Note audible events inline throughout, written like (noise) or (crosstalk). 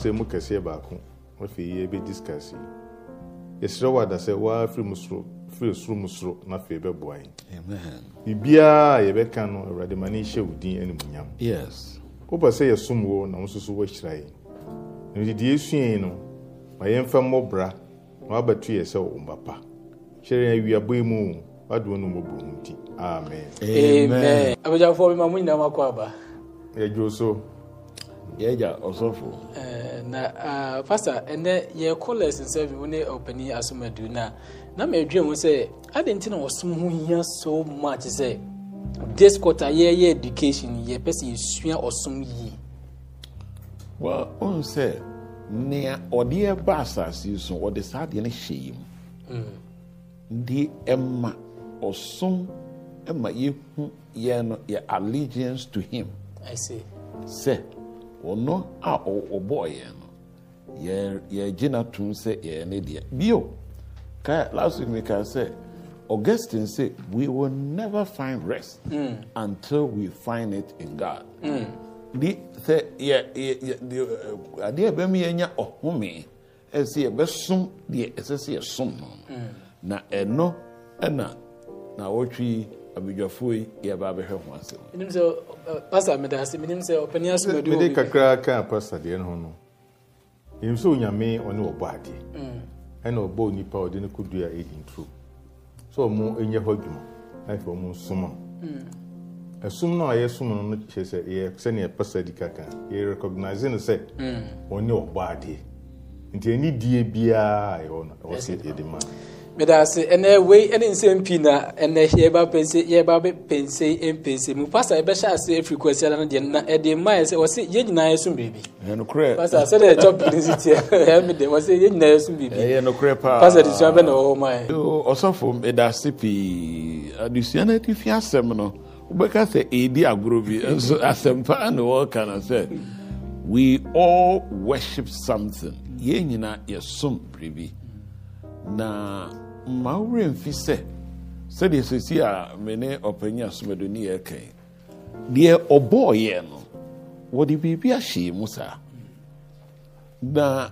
asɛm kɛseɛ baako afei yɛbɛdi sika si yɛsrɛ wɔ ada sɛ waa firi mu soro firi soro mu soro na afei bɛboa yɛn biribiara a yɛbɛka no awurade ma ne nhyɛ wo din animuonyam wopɛ sɛ yɛsom wo na wo nso so woahyira yɛn nti deɛ ɛsuae no ma yɛmfa mmɔbra na wabɛto yɛ sɛ wo mba pa hyɛrɛ yɛn awiabɔ yi mu o wadoɔ no mmɔbɔ ho nti amen amen abagyamfoɔ bi ma mo nyinaa makɔ aba yɛdwo so yɛagya ɔsɔfo eh, na ah, pastor ɛnɛ yɛkɔ lesson seven wo ne ɔpani asomadu no a na madwen ho sɛ ade nti na ɔsom ho hia so much sɛ this quarter yɛyɛ education yɛpɛ sɛ yɛsua ɔsom yie well ɔhu sɛ nea ɔde ɛba asase yi so ɔde saa deɛ no hyɛ yi mu de ɛma ɔsom ɛma yɛhu yɛn no yɛ allegiance to him sɛ ɔno a ɔbɔɔ yɛn no yɛgyina tom sɛ yɛn ne deɛ bio kae last week mi kae sɛ augustine say we will never find rest mm. until we find it in god mm. di sɛ yɛ yɛ yɛ eh, adeɛ bɛm yɛ nya ɔhome ɛsɛ e yɛbɛsom deɛ ɛsɛ sɛ yɛsom no mm. na ɛno ɛna na wɔtwi abadwafoɔ yi yɛba abɛhwɛ ho asɛm menim sɛ pastor meda ase menim sɛ ɔpani asomadu mede kakra kaa pastor deɛ no ho no ɛnim sɛ onyame ɔne ɔbɔ adeɛ mm. ɛna ɔbɔ onipa a ɔde no kɔdua ɛdi nturo sɛ ɔmo ɛnyɛ hɔ adwuma na afei ɔmo nsom a mm. ɛsom no a yɛsom no no kyerɛ sɛ yɛ sɛneɛ pastor di kaka yɛrecognise no sɛ mm. ɔne ɔbɔ adeɛ nti ɛni die biara ɛwɔ no ɛwɔ sɛ meda ase ɛnɛ wei ɛne nsɛm pii na ɛnɛ yɛba pense yɛba bɛ pense mpense mu pasa yɛbɛhyɛ ase afiri kwasi ada no e, deɛ (laughs) na ɛde mma yɛ sɛ wɔse yɛn nyinaa yɛsom biribi ɛnokorɛ pastor sɛdeɛ topic no si teɛ ɛme de wɔse yɛn nyinaa yɛsom biribi ɛyɛ nokorɛ paa pastor adesua bɛ na wɔwɔ ma yɛ ɔsɔfo meda ase pii adesua no atifi asɛm no wobɛka sɛ ɛdi agorɔ bi nso asɛm paa na wɔreka no sɛ we all worship something yɛn nyinaa yɛsom biribi na mma wura mfi sɛ sɛdeɛ sɛsi a me ne ɔpanyin asomado ni yɛ kɛn deɛ ɔbɔɔyɛ no wɔde biribi ahyɛ mu saa na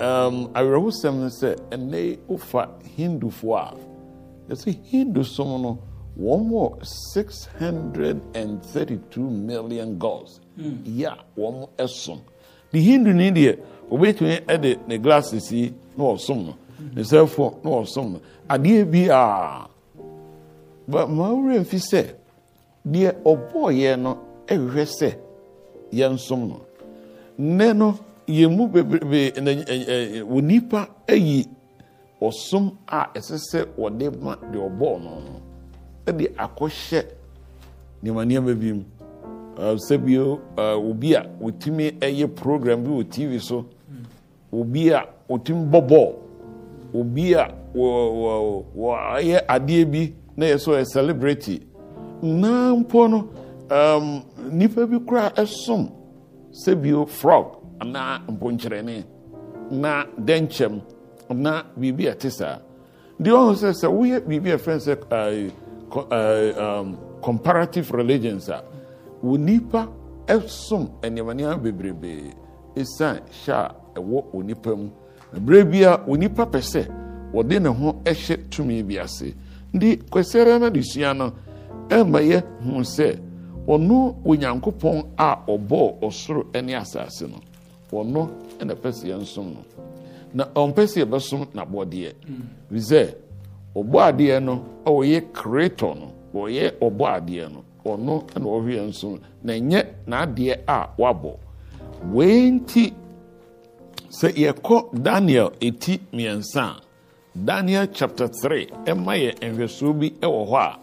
um, awerɛhosɛm no sɛ ɛnɛ wofa hindufoɔ a yɛsɛ hindu som no wɔn wɔ six hundred and thirty-two million gods mm. yɛ a wɔn ɛsom de hindu ni deɛ obetumi ɛde ne glass yi na ɔsom no nsɛfoɔ na wɔsom no adeɛ bi a but ma wura mfi sɛ deɛ ɔbɔɔyɛ no ɛhwehwɛ sɛ yɛnsom no nnɛ no yɛn mu bebree na wɔ nipa ayi ɔsom a ɛsɛ sɛ wɔde ma deɛ ɔbɔɔ no no ɛde akɔhyɛ nneɛma nneɛma bi mu sɛbio obi a wɔtumi ɛyɛ program bi wɔ tv so obi a wɔtumi bɔ bɔɔl obi a wɔayɛ adeɛ bi na yɛ so yɛ celebrity na mpo no um, nipa bi kora ɛsom sɛbio frog anaa mponkyerɛne na dɛnkyɛm na biribi a ɛte saa deɛ ɔhu sɛ sɛ woyɛ biribi a ɛfrɛ sɛ um, comparative religions a wo nipa ɛsom nneɛma nneɛma bebrebee ɛsiane hyɛ a ɛwɔ onipa mu berɛ bi a onipa pɛ sɛ wɔde ne ho hyɛ tumi bi ase nti kwasɛre no adesua no ɛma yɛ hu sɛ ɔno onyankopɔn a ɔbɔɔ ɔsoro ne asase no ɔno na ɛpɛ sɛ yɛnsom no na ɔmpɛ sɛ yɛbɛsom n'abɔdeɛ firi sɛ ɔbɔ adeɛ no ɔyɛ creator no ɔyɛ ɔbɔ adeɛ no ɔno na ɔhwɛ yɛnsom na ɛnyɛ n'adeɛ a wabɔ wei nti sɛ yɛkɔ daniel eti mmiɛnsa daniel chapter three ɛma yɛ nhwɛsoɔ bi ɛwɔ hɔ a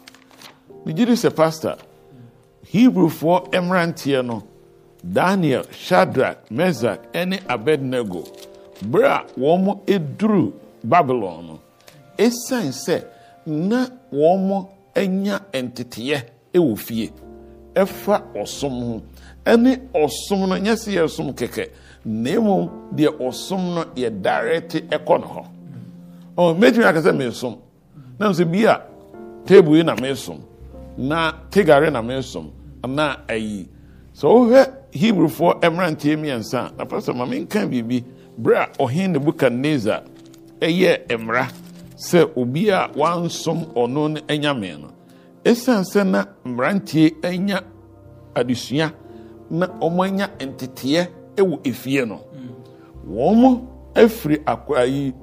megye di sɛ pastor hebrefoɔ mmeranteɛ no daniel shadrach mesak ɛne abednego bere a wɔn eduru babylon no esan sɛ na wɔn anya nteteeɛ ɛwɔ fie ɛfa ɔsom ho ɛne ɔsom no nyɛ sɛ yɛ som kɛkɛ. na mmom deɛ ɔsom no yɛ direct ɛkɔ no hɔ ɔn mɛtumi aka sɛ mɛsom nam sɛ bi a table yi na mɛsom na tigare na mɛsom anaa ayi So wohwɛ hebrefoɔ mmeranteɛ mmiɛnsa na nafa sɛ maame nka biribi berɛ a ɔhen nebukadnezar ɛyɛ mmera. sɛ obi a wansom ɔno no anyame no ɛsiane na mmeranteɛ anya adesua na ɔmanya nteteɛ wɔ efie no wɔn afiri akwa yi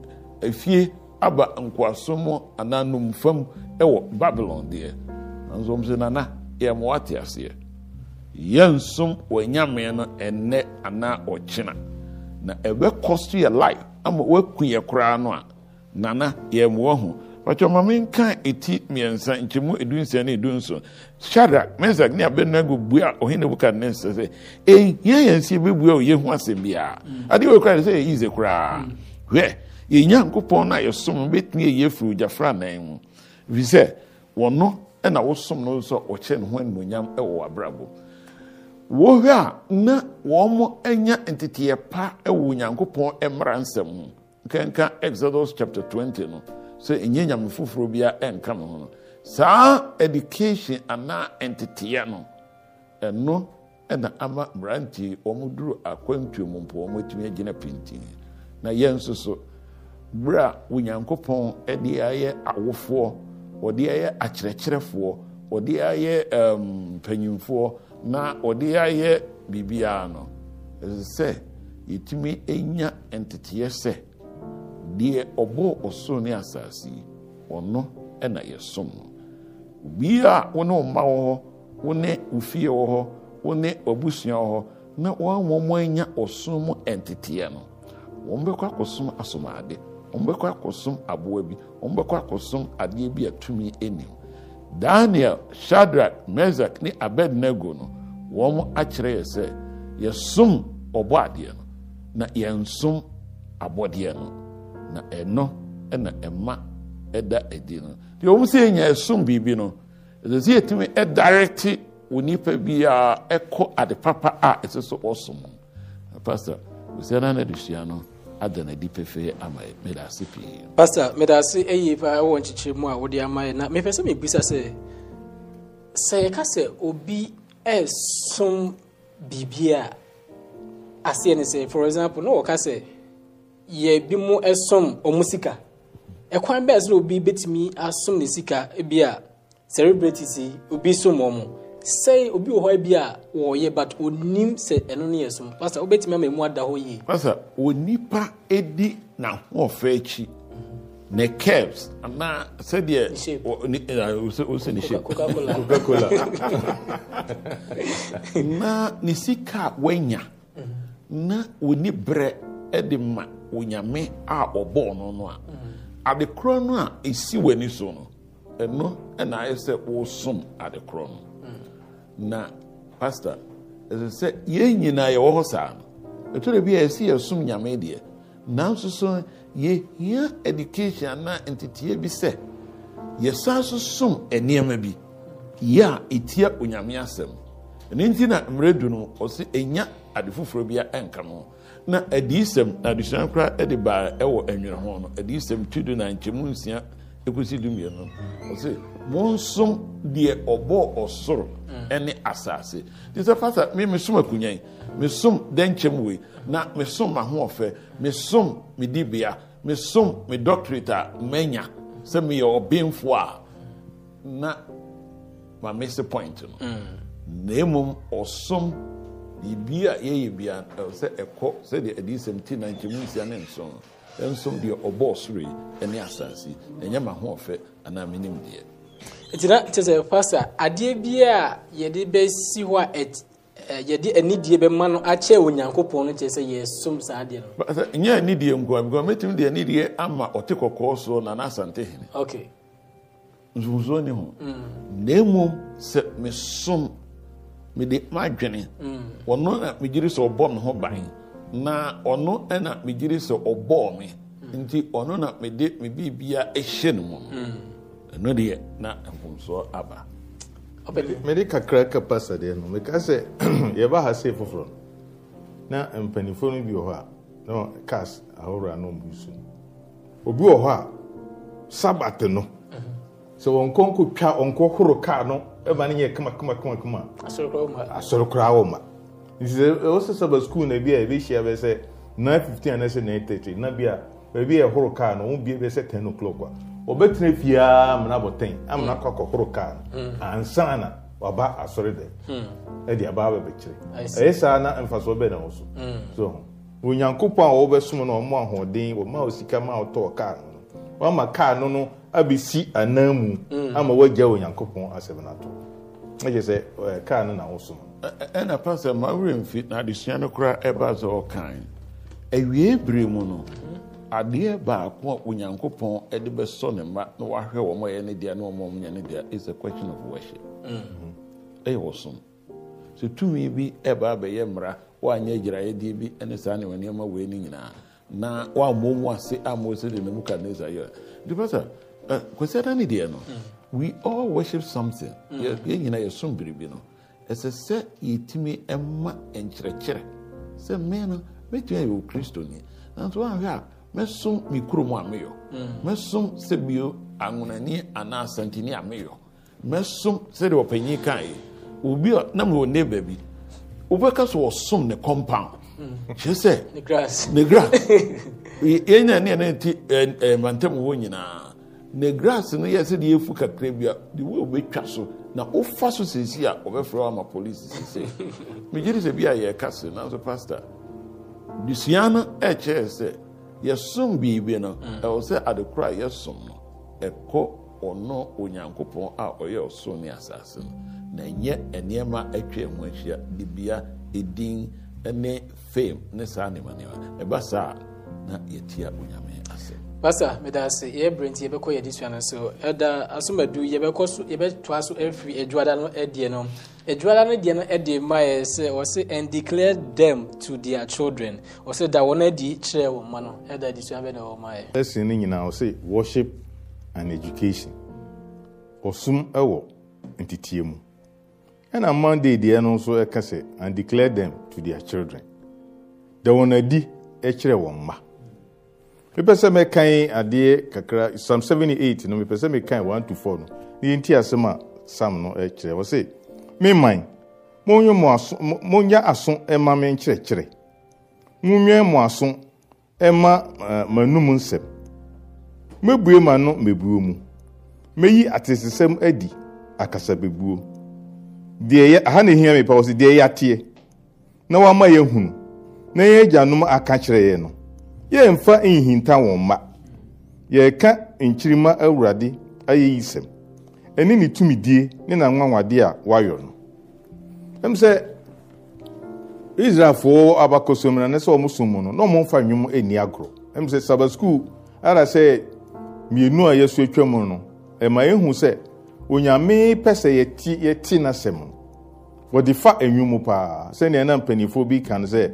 efie aba nkoaso mu anaa fam ɛwɔ babylon deɛ nanso wɔn sɛ nana yɛ mo ate aseɛ Yɛ nsom yɛnsom wɔnyame no ɛnɛ anaa ɔkyena na ɛbɛkɔ so yɛ lai ama wɔaku yɛ koraa no a nana yɛ mo ahu pàtó ọmọ mi nka eti mmiɛnsa nkyɛmu edu nsia ne edu nson shadrach mesak ne abednego bua ɔhene nebukad ne nsa sɛ ehia yɛn nsia bebua oyɛ ho asɛm biara adeɛ wɔ kura de sɛ yɛyi ze koraa hwɛ yɛn nyankopɔn na yɛsom betumi eyi efiri ogya frannan mu bi sɛ wɔno ɛna wɔsom no nso ɔkyɛ ne ho animonyam ɛwɔ abrabɔ wɔhwɛ a na wɔn anya nteteɛ pa ɛwɔ nyankopɔn mmara nsɛm mu exodus chapter twenty no. sɛ ɛnyɛ nyame foforɔ bia ɛnka me ho no saa education anaa ɛnteteɛ no ɛno ɛna ama mmeranteɛ wɔn duru akwantuo mu mpo wɔn atumi agyina pintin na yɛn nso so bere a onyankopɔn ɛde ayɛ awofoɔ wɔde ayɛ akyerɛkyerɛfoɔ wɔde ayɛ ɛɛm na wɔde ayɛ biribiara no ɛsɛ sɛ yɛtumi enya nteteɛ sɛ. deɛ ɔbɔ ɔsoro ne asaase ɔno na yɛsom no bia wo ne wo wɔ hɔ wo ne wo wɔ hɔ wo ne wabusua wɔ hɔ na wɔn wɔn anya ɔsom mu nteteɛ no wɔn bɛkɔ akɔsom asomade wɔn bɛkɔ akɔsom aboa bi wɔn bɛkɔ akɔsom adeɛ bi a tumi anim daniel shadrach mezak ne abednego no wɔn akyerɛ yɛ sɛ yɛsom ɔbɔ adeɛ no na yɛnsom abɔdeɛ no. na ɛno ɛna ɛma ɛda adi no deɛ wɔn sɛ yɛnya ɛsom biribi no ɛsɛ sɛ yɛtumi ɛdarete wɔ nipa biara ɛkɔ ade papa a ɛsɛ sɛ ɔsom no pastor osua no ana desua no ada n'adi pefee ama yɛ meda ase pii. pastor meda ase ɛyie paa ɛwɔ nkyekyere mu a wɔde ama yɛ na mepɛ sɛ mebisa sɛ sɛ yɛka sɛ obi ɛsom biribi a aseɛ ne sɛ for example na wɔka sɛ yɛ bi mu som ɔmo sika ɛkwan bɛɛ sɛ obi bɛtumi asom ne sika bi a celebrities yi obi som wɔn sɛi obi wɔ hɔ bi a wɔyɛ but onim sɛ ɛno no yɛ som pasa wobɛtumi ama mu ada hɔ yie pasa onipa di n'ahoɔfɛ akyi ne caps anaa sɛdeɛ wosɛ ne shape coca cola (laughs) (laughs) na ne sika a mhm. na wɔni berɛ de ma onyame a ɔbɔɔ no no a ade no a ɛsi w'ani so no ɛno ɛnaayɛ sɛ wosom ade no na pasto ɛsɛ sɛ yɛn nyinaa yɛwɔ hɔ saa no ɛtɔre bi a ɛsi yɛsom nyame deɛ nanso so yɛhia education anaa nteteeɛ bi sɛ yɛsan so som nnoɔma bi yɛ a ɛtia onyame asɛm ɛno nti na mmerɛ du no ɔsɛ ɛnya ade foforɔ bi a ɛnka no na adiyisɛm na adusua nkora de baa ɛwɔ nwene ho no adiyisɛm tu do na nkyɛmu nsia ekusi du mmienu ɔsi monsom deɛ ɔbɔ ɔsoro ɛne asaase te sɛ fasa mi mi som akunya yi mi som dɛnkyɛm wei na mi som ahoɔfɛ mi som mi dibea mi som mi doctorate a mɛnya sɛ mi yɛ ɔbɛnfo a na ma mi si point no mm. na emu ɔsom. biribi a yɛyɛ bia sɛ ɛkɔ sɛdeɛ adiisɛm ti na nkyɛmu nsia ne nson ɛnsom deɛ ɔbɔɔ yi ne ɛnyɛ ma ho ɔfɛ anaa deɛ na sɛ pasa adeɛ bi a yɛde bɛsi hɔ a yɛde anidie bɛma no akyɛ onyankopɔn no kyɛ sɛ yɛsom saa adeɛ no anidie mɛtumi deɛ anidie ama ɔte kɔkɔɔ soɔ na n'asante hene ho mm. na mede m'adwene ɔno na megyere sɛ ɔbɔ me ho ban na ɔno ɛna megyere sɛ ɔbɔɔ me nti ɔno na mede me biribia ɛhyɛ no mu no ɛno deɛ na mfomsoɔ aba mede kakra kapa sadeɛ no meka sɛ (clears throat) yɛba ha foforɔ na mpanimfoɔ no bi wɔ hɔ a na cas so obi wɔ hɔ sɛ wɔn nkɔ nkɔtwa ɔnkɔ horo kaa no ɛma no yɛ kama kama kama kama asɔre koraa wɔ ma nti sɛ wɔsɛ sɛ ba sukuu na bi a yɛbɛhyia bɛ sɛ nine fifteen anasɛ nine thirty na bi a baabi yɛ horo kaa no wɔn bie bɛ sɛ ten o'clock a wɔbɛtena fiaa amena abɔtɛn amena akɔ akɔ horo kaa no mm. mm. ansa waba asɔre dɛ ɛde mm. aba abɛbɛkyerɛ ɛyɛ saa na mfasoɔ bɛ na wɔ so so onyankopɔn a wɔbɛsom no wɔn ahoɔden wɔn a osika ma ɔtɔɔ kaa no wɔn ama kaa no no. abɛsi anan mu mm. ama wagya onyankopɔn asɛm no ato ɛkyɛ sɛ kar no nawoso no ɛna pa sɛ mawerɛ mfi na adesua no koraa ɛba sɛ ɔkae awie bere mu no adeɛ baako a onyankopɔn de bɛsɔ ne mma na wahwɛ wɔ ma ɛyɛ ne dea na ɔma ɔmnyɛ ne dea is a question of worship mm. ɛyɛ wɔsom sɛ tumi bi ɛba abɛyɛ mmara woanyɛ agyiraeɛdeɛ bi ne saa ne nneɛma wei no nyinaa na woammɔ mu ase ammɔ sɛdeɛ namu ka ne sa Eh, kwasi ada ne deɛ no we all worship something mm. yɛn nyinaa yɛsom biribi no ɛsɛ sɛ yɛtumi ma nkyerɛkyerɛ sɛ mmɛn no mɛtumi ayɛ wɔ kristoni nanso ahwɛ a mɛsom me kurom a meyɔ mm. mɛsom sɛ bio anwonani anaa asantini a meyɔ mɛsom sɛdeɛ ɔpanyin kae obi a na mewɔ ne baabi wobɛka so wɔsom ne compound mm. kyerɛ sɛ (laughs) ne grass (laughs) yɛn nyinaa ne yɛn ti eh, eh, mantam wɔ nyinaa na grass no yɛ sɛ deɛ efu kakra bi a de wo obetwa so na ofa so sisi a ɔbɛfrɛ ama polisi sisi (laughs) megye di sɛ bi a yɛreka se nanso pastor dusua no ɛkyerɛ sɛ yɛsom biribi no mm. ɛwɔ sɛ adekora a yɛsom no ɛkɔ ɔno onyankopɔn a ɔyɛ ɔsoro ne asase no na ɛnyɛ nneɛma atwa ho ahyia dibea edin ne fame ne saa nneɛma nneɛma ɛba saa na yɛtia onyankopɔn basa meda ase yɛbrɛ nti yɛbɛkɔ yɛde sua no so ɛda asomadu yɛbɛkɔ so yɛbɛtoa so afiri adwada no ɛdeɛ e no adwada e no deɛ no ɛde ma yɛ sɛ wɔse and declare them to their children wɔse da wɔn adi kyerɛ wɔn ma no ɛda adesua bɛ na wɔn ma yɛ. lesson no nyinaa wɔse worship and education ɔsom ɛwɔ e ntitie mu ɛna monday deɛ no nso ɛka sɛ and declare them to their children da wɔn adi ɛkyerɛ wɔn ma. mepɛ mɛkan adeɛ kakra psalm 78 no mepɛ sɛ 1 to 4 no na yɛnti asɛm a sam no eh, kyerɛ wɔ se meman monya aso ɛma me nkyerɛkyerɛ monwɛn mo aso ɛma eh, m'anom nsɛm mɛbue m'ano mɛbuo mu mɛyi atesesɛm adi aha wɔ deɛ na yɛahunu na aka kyerɛ yɛn no yɛmfa nhinta wɔn mma yɛreka nkyirima awurade ayɛ yi sɛm ɛne ne tumidie ne nanwanwadeɛ a wayɔ no m sɛ israelfoɔ abakɔsomina ne sɛ ɔmosom mu no na ɔmomfa nnwom agorɔ m sɛ saba skuul ara sɛ mmienu a yɛso atwa mu no ɛma sɛ onyame pɛ sɛ n'asɛm no wɔde fa nnwom paa na mpanimfoɔ bi ka no sɛ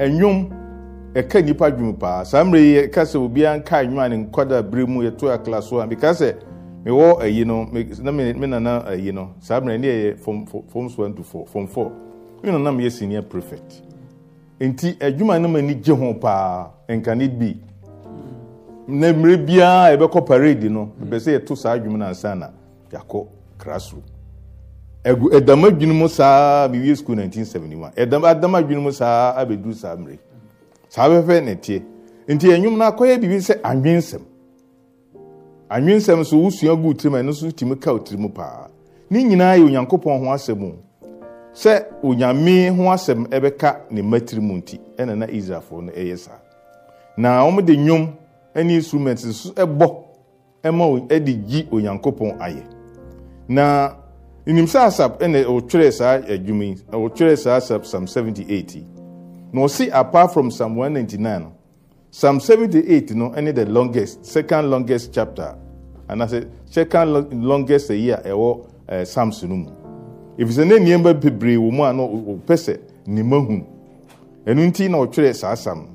nnwom ɛka nnipa dwom paa saa mmerɛ yi ɛka sɛ obiara nka adwuma ne nkɔda berɛ mu yɛto akla so a meka sɛ mewɔ ayi no na me nana ayi no saa mmerɛ ne ɛyɛ fom 1 to 4 fom 4 me nana meyɛ senior prefect nti adwuma no ma ani gye ho paa nka ne bi na mmerɛ biara yɛbɛkɔ parade no ɛbɛ sɛ yɛto saa adwuma no ansa na yɛakɔ krasro ɛdam adwene mu saa mewie school 1971 ɛdam adwene mu saa abɛduru saa mmerɛ saa afɛfɛ na tie nti enyim no akɔyɛ biribi sɛ anwensɛm anwensɛm nso wosua gu tirim ɛno nso tumi ka tirim paa ne nyinaa yɛ onyankopɔn ho asɛm o sɛ onyame ho asɛm ɛbɛka ne mma tirim nti ɛna na israelfoɔ no ɛyɛ saa na wɔn de nnwom ɛne instrument nso ɛbɔ ɛma ɛde gyi onyankopɔn ayɛ na nim sɛ asap ɛna ɔtwerɛ saa adwuma yi ɔtwerɛ saa asap sam seventy eighty. na ɔsi apart from psalm 199 psalm 78 no ne the longest second longest chapter And anaasɛ second longest ayi eh, eh, a ɛwɔ ɛɛ psalms no mu efisɛ ne nneɛma bebree wɔ mu a no ɔpɛ sɛ ne ma hu ɛnu nti na ɔtwerɛ saa psalm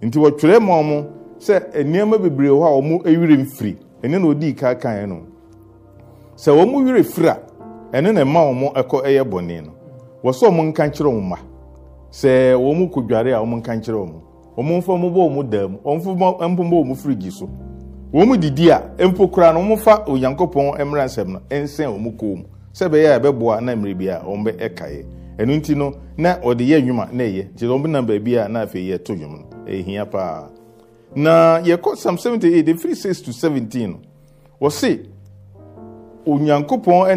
nti wɔtwerɛ ma ɔmo sɛ eh, nneɛma bebree wɔ hɔ a ɔmo ewiri mfiri ɛne na odi kaa kan no sɛ wɔn werɛ fira ɛne na ɛma wɔn ɛkɔ ɛyɛ bɔnee no wɔsɔ wɔn nka kyerɛ wɔn mma. sɛ wɔn mu kɔdware a wɔn nka nkyerɛ wɔn wɔn mfa wɔn bɔ wɔn dan wɔn mfa bɔ wɔn so wɔn mu didi a mpo kura no wɔn fa onyankopɔn nsɛm no nsɛn wɔn kɔn mu sɛ bɛyɛ a ɛbɛboa na mmerɛ bi a wɔn bɛ ɛka yɛ ɛnu nti no na ɔde yɛ na ɛyɛ nti wɔn nam baabi a na afei yɛ to nnwom no paa na yɛkɔ sam seventy eight efiri to seventeen no wɔsi onyankopɔn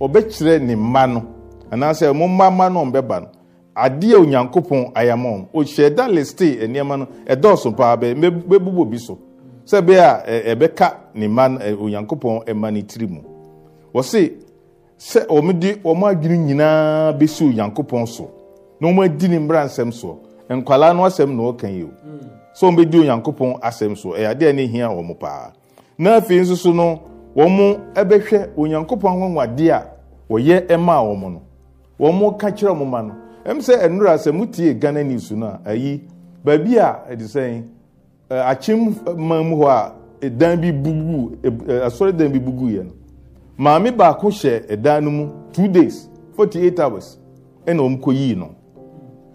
ɔbɛkyerɛ ne mma no anaasɛ mo mma mma no ɔmbɛba no adeɛ onyankopɔn ayama wɔn ɔhyɛ da liste nneɛma no ɛdɔɔso paa bɛ bɛbubɔ bi so sɛ bɛyɛ a ɛbɛka ne mma no onyankopɔn mma ne tiri mu wɔsi sɛ wɔn de wɔn adwene nyinaa bɛsi onyankopɔn so na wɔn adi ne mmra nsɛm soɔ nkwalaa no asɛm na ɔka yi o hmm. sɛ wɔn bɛdi onyankopɔn asɛm soɔ ɛyɛ adeɛ ne hia wɔn paa na afei nso so no. wɔn bɛhwɛ onyankopɔn anwanwadeɛ a wɔyɛ maa wɔn no wɔn ka kyerɛ wɔn ma no ɛmu sɛ nnura sɛ mutie ghana news no a ayi baabi a ɛde sɛn akyem man mu hɔ a dan bi bugu asɔre dan bi bugu yɛ no maame baako hyɛ dan no mu two days forty eight hours ɛna wɔn kɔ yii no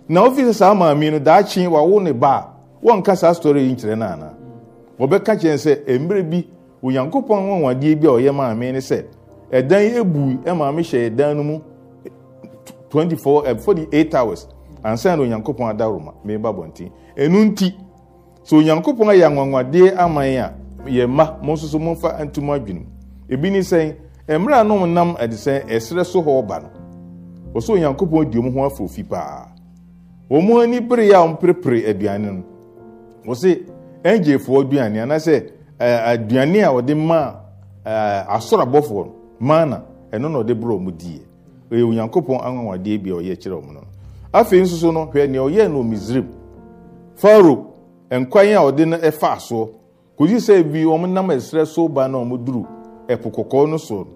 na ofi sɛ saa maame no daakye wawo ne ba a wɔn nka saa story yi nkyerɛ no wɔbɛka kyerɛ sɛ mmerɛ bi. onyankopɔn nwanwadeɛ bi a ɔyɛ maame ne sɛ ɛdan ebu maame hyɛ ɛdan no mu 24 eh, eight hours ansa na onyankopɔn adaroma meba bɔnten ɛnu nti sɛ onyankopɔn ayɛ anwanwadeɛ aman a yɛ mma mo nso so momfa ntom adwene mu ebi ne sɛn mmerɛ a nom nam ɛde sɛn ɛserɛ so hɔ ba no wɔsɛ onyankopɔn di ɔmo ho afɔfi paa wɔn mu ani bere a pere aduane no wɔsɛ ɛngyefoɔ aduane anaasɛ aduane a ɔde ma asɔrɔ abɔfoɔ maana ɛno na ɔde brɛ ɔmo die ɛyɛ onyankopɔn anwanwadeɛ bi a ɔyɛ kyerɛ ɔmo no afei nso so no hwɛ nea ɔyɛ no misrim faro nkwan a ɔde no ɛfa soɔ kòsi sɛ bi wɔn nam ɛsrɛ so ba na wɔn duru ɛpo kɔkɔɔ no so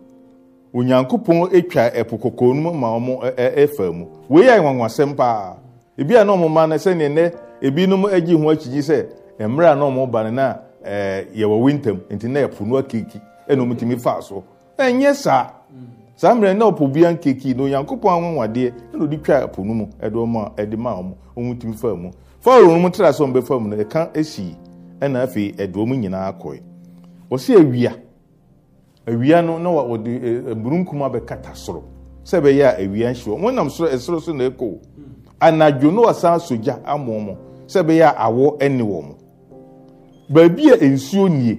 onyankopɔn atwa ɛpo kɔkɔɔ no mu ma wɔn ɛfa mu wei ayɛ nwanwasɛm paa ebi a na wɔn ma no sɛ nea nɛ ebinom agye ho akyigyi sɛ mmerɛ a na wɔn ba no na yɛ eh, yɛwɔ wintam nti na nua yɛponoa keki ɛnom ntumi faa so ɛnyɛ saa saa mmerɛ na ɔpo bia nkeki na onyankopɔn anwanwadeɛ ɛna ɔde twa ɛpo no mu ɛde ɔma ɛde maa ɔmo ɔmo ntumi faa mu fɔlɔ ɔmo tra so ɔmo bɛfa mu no ɛka esi ɛna afei ɛde ɔmo nyinaa kɔɛ wɔsi awia awia no na wɔde ɛburunkum eh, abɛkata soro sɛ ɛbɛyɛ a awia nhyɛ wɔn nam soro ɛsoro so na ɛkɔ anadwo na wɔsan so gya ama baabi a nsuo nie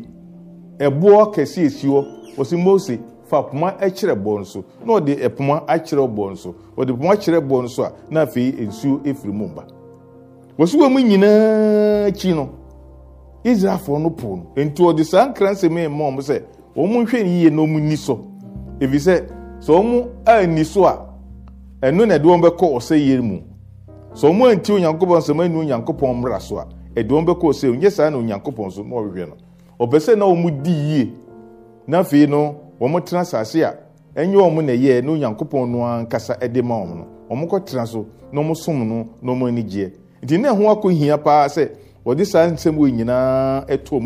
ɛboɔ kɛse esi hɔ wɔsi mose fa poma kyerɛ bɔn so na ɔde poma akyerɛ bɔn so ɔde poma kyerɛ bɔn so a na afei nsuo efiri mu ba wɔsi wɔn mu nyinaa akyi no israelfoɔ no po no nti ɔde saa nkran nsɛm yi ma wɔn sɛ wɔn mu nhwɛ yie na wɔn ni so ebi sɛ sɛ wɔn ani so a ɛno na ɛde wɔn bɛkɔ ɔsɛ yie mu sɛ wɔn anti onyankopɔn nsɛm ɛnu onyankopɔn mmra so a. aduɔm bɛkɔɔ sɛ ɔnyɛ saa na onyankopɔn so na ɔhwehwɛ no ɔpɛ sɛ na wɔ mu di yie na afei no wɔ a ɛnyɛ na ɛyɛɛ na onyankopɔn no ara nkasa ma wɔm no ɔmokɔtena so na ɔmosom no na ɔmo ani gyeɛ nti ɛho akɔ hia paa sɛ wɔde saa nsɛm wɔ nyinaa ɛto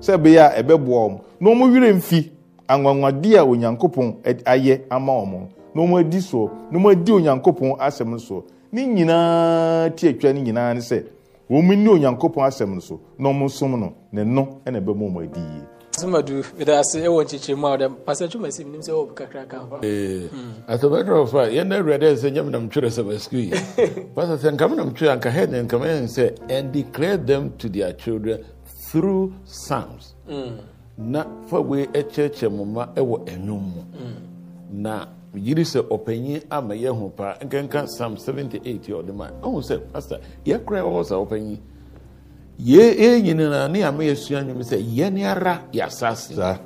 sɛ ɛbɛyɛ a ɛbɛboa wɔn na werɛ mfi anwanwadeɛ a onyankopɔn ayɛ ama wɔn na adi soɔ na adi onyankopɔn asɛm soɔ ne nyinaa ti atwa ne nyinaa ne sɛ wɔn ni onyankopɔn asɛm no so na wɔn nsom no ne no na ɛbɛma wɔn adi yie. asomadu edaase ɛwɔ nkyekyeremu a ɔdɛm pasa twema esi mu nim sɛ ɔwɔ kakra ka ho. ee asomadu ɔfa yɛn na awura dɛ nsɛ nyɛ nam twerɛ sɛ ɛsikuu yi (laughs) pasa sɛ nkama nam twerɛ anka hɛ ne nkama yɛn sɛ and declare them to their children through psalms mm. na fa wei ɛkyerɛkyerɛ mo ma ɛwɔ ɛnwom mu hmm. na megyiri sɛ ɔpanyin ama yɛ ho paa nkenka psalm 78 yɛ ɔde ma ɔhu sɛ pastor yɛkora ɛwɔ hɔ sɛ ɔpanyin yɛɛ nyinaa ne ama yɛsua nnwom sɛ yɛne ara yɛasase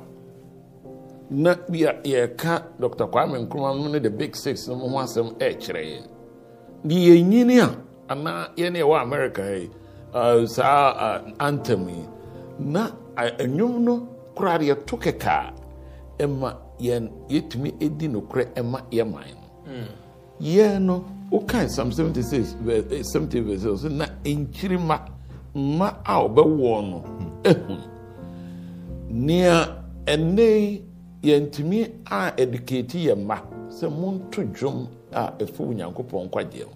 na yɛka dr kwame nkroma no ne the big six no ho asɛm ɛkyerɛ yɛn de yɛnyini a anaa yɛne ɛwɔ america yi saa antem yi na nnwom no koraa yɛto kɛkaa ɛma yɛn yɛtumi di nokorɛ ɛma yɛ man no hmm. yɛn no wokae psalm 76 70 eh, eh, verse so na nkyirima mma a ɔbɛwɔ no ɛhu nea ɛnɛ yɛntumi a educate yɛ mma sɛ monto dwom a ɛfo onyankopɔn nkwagyeɛ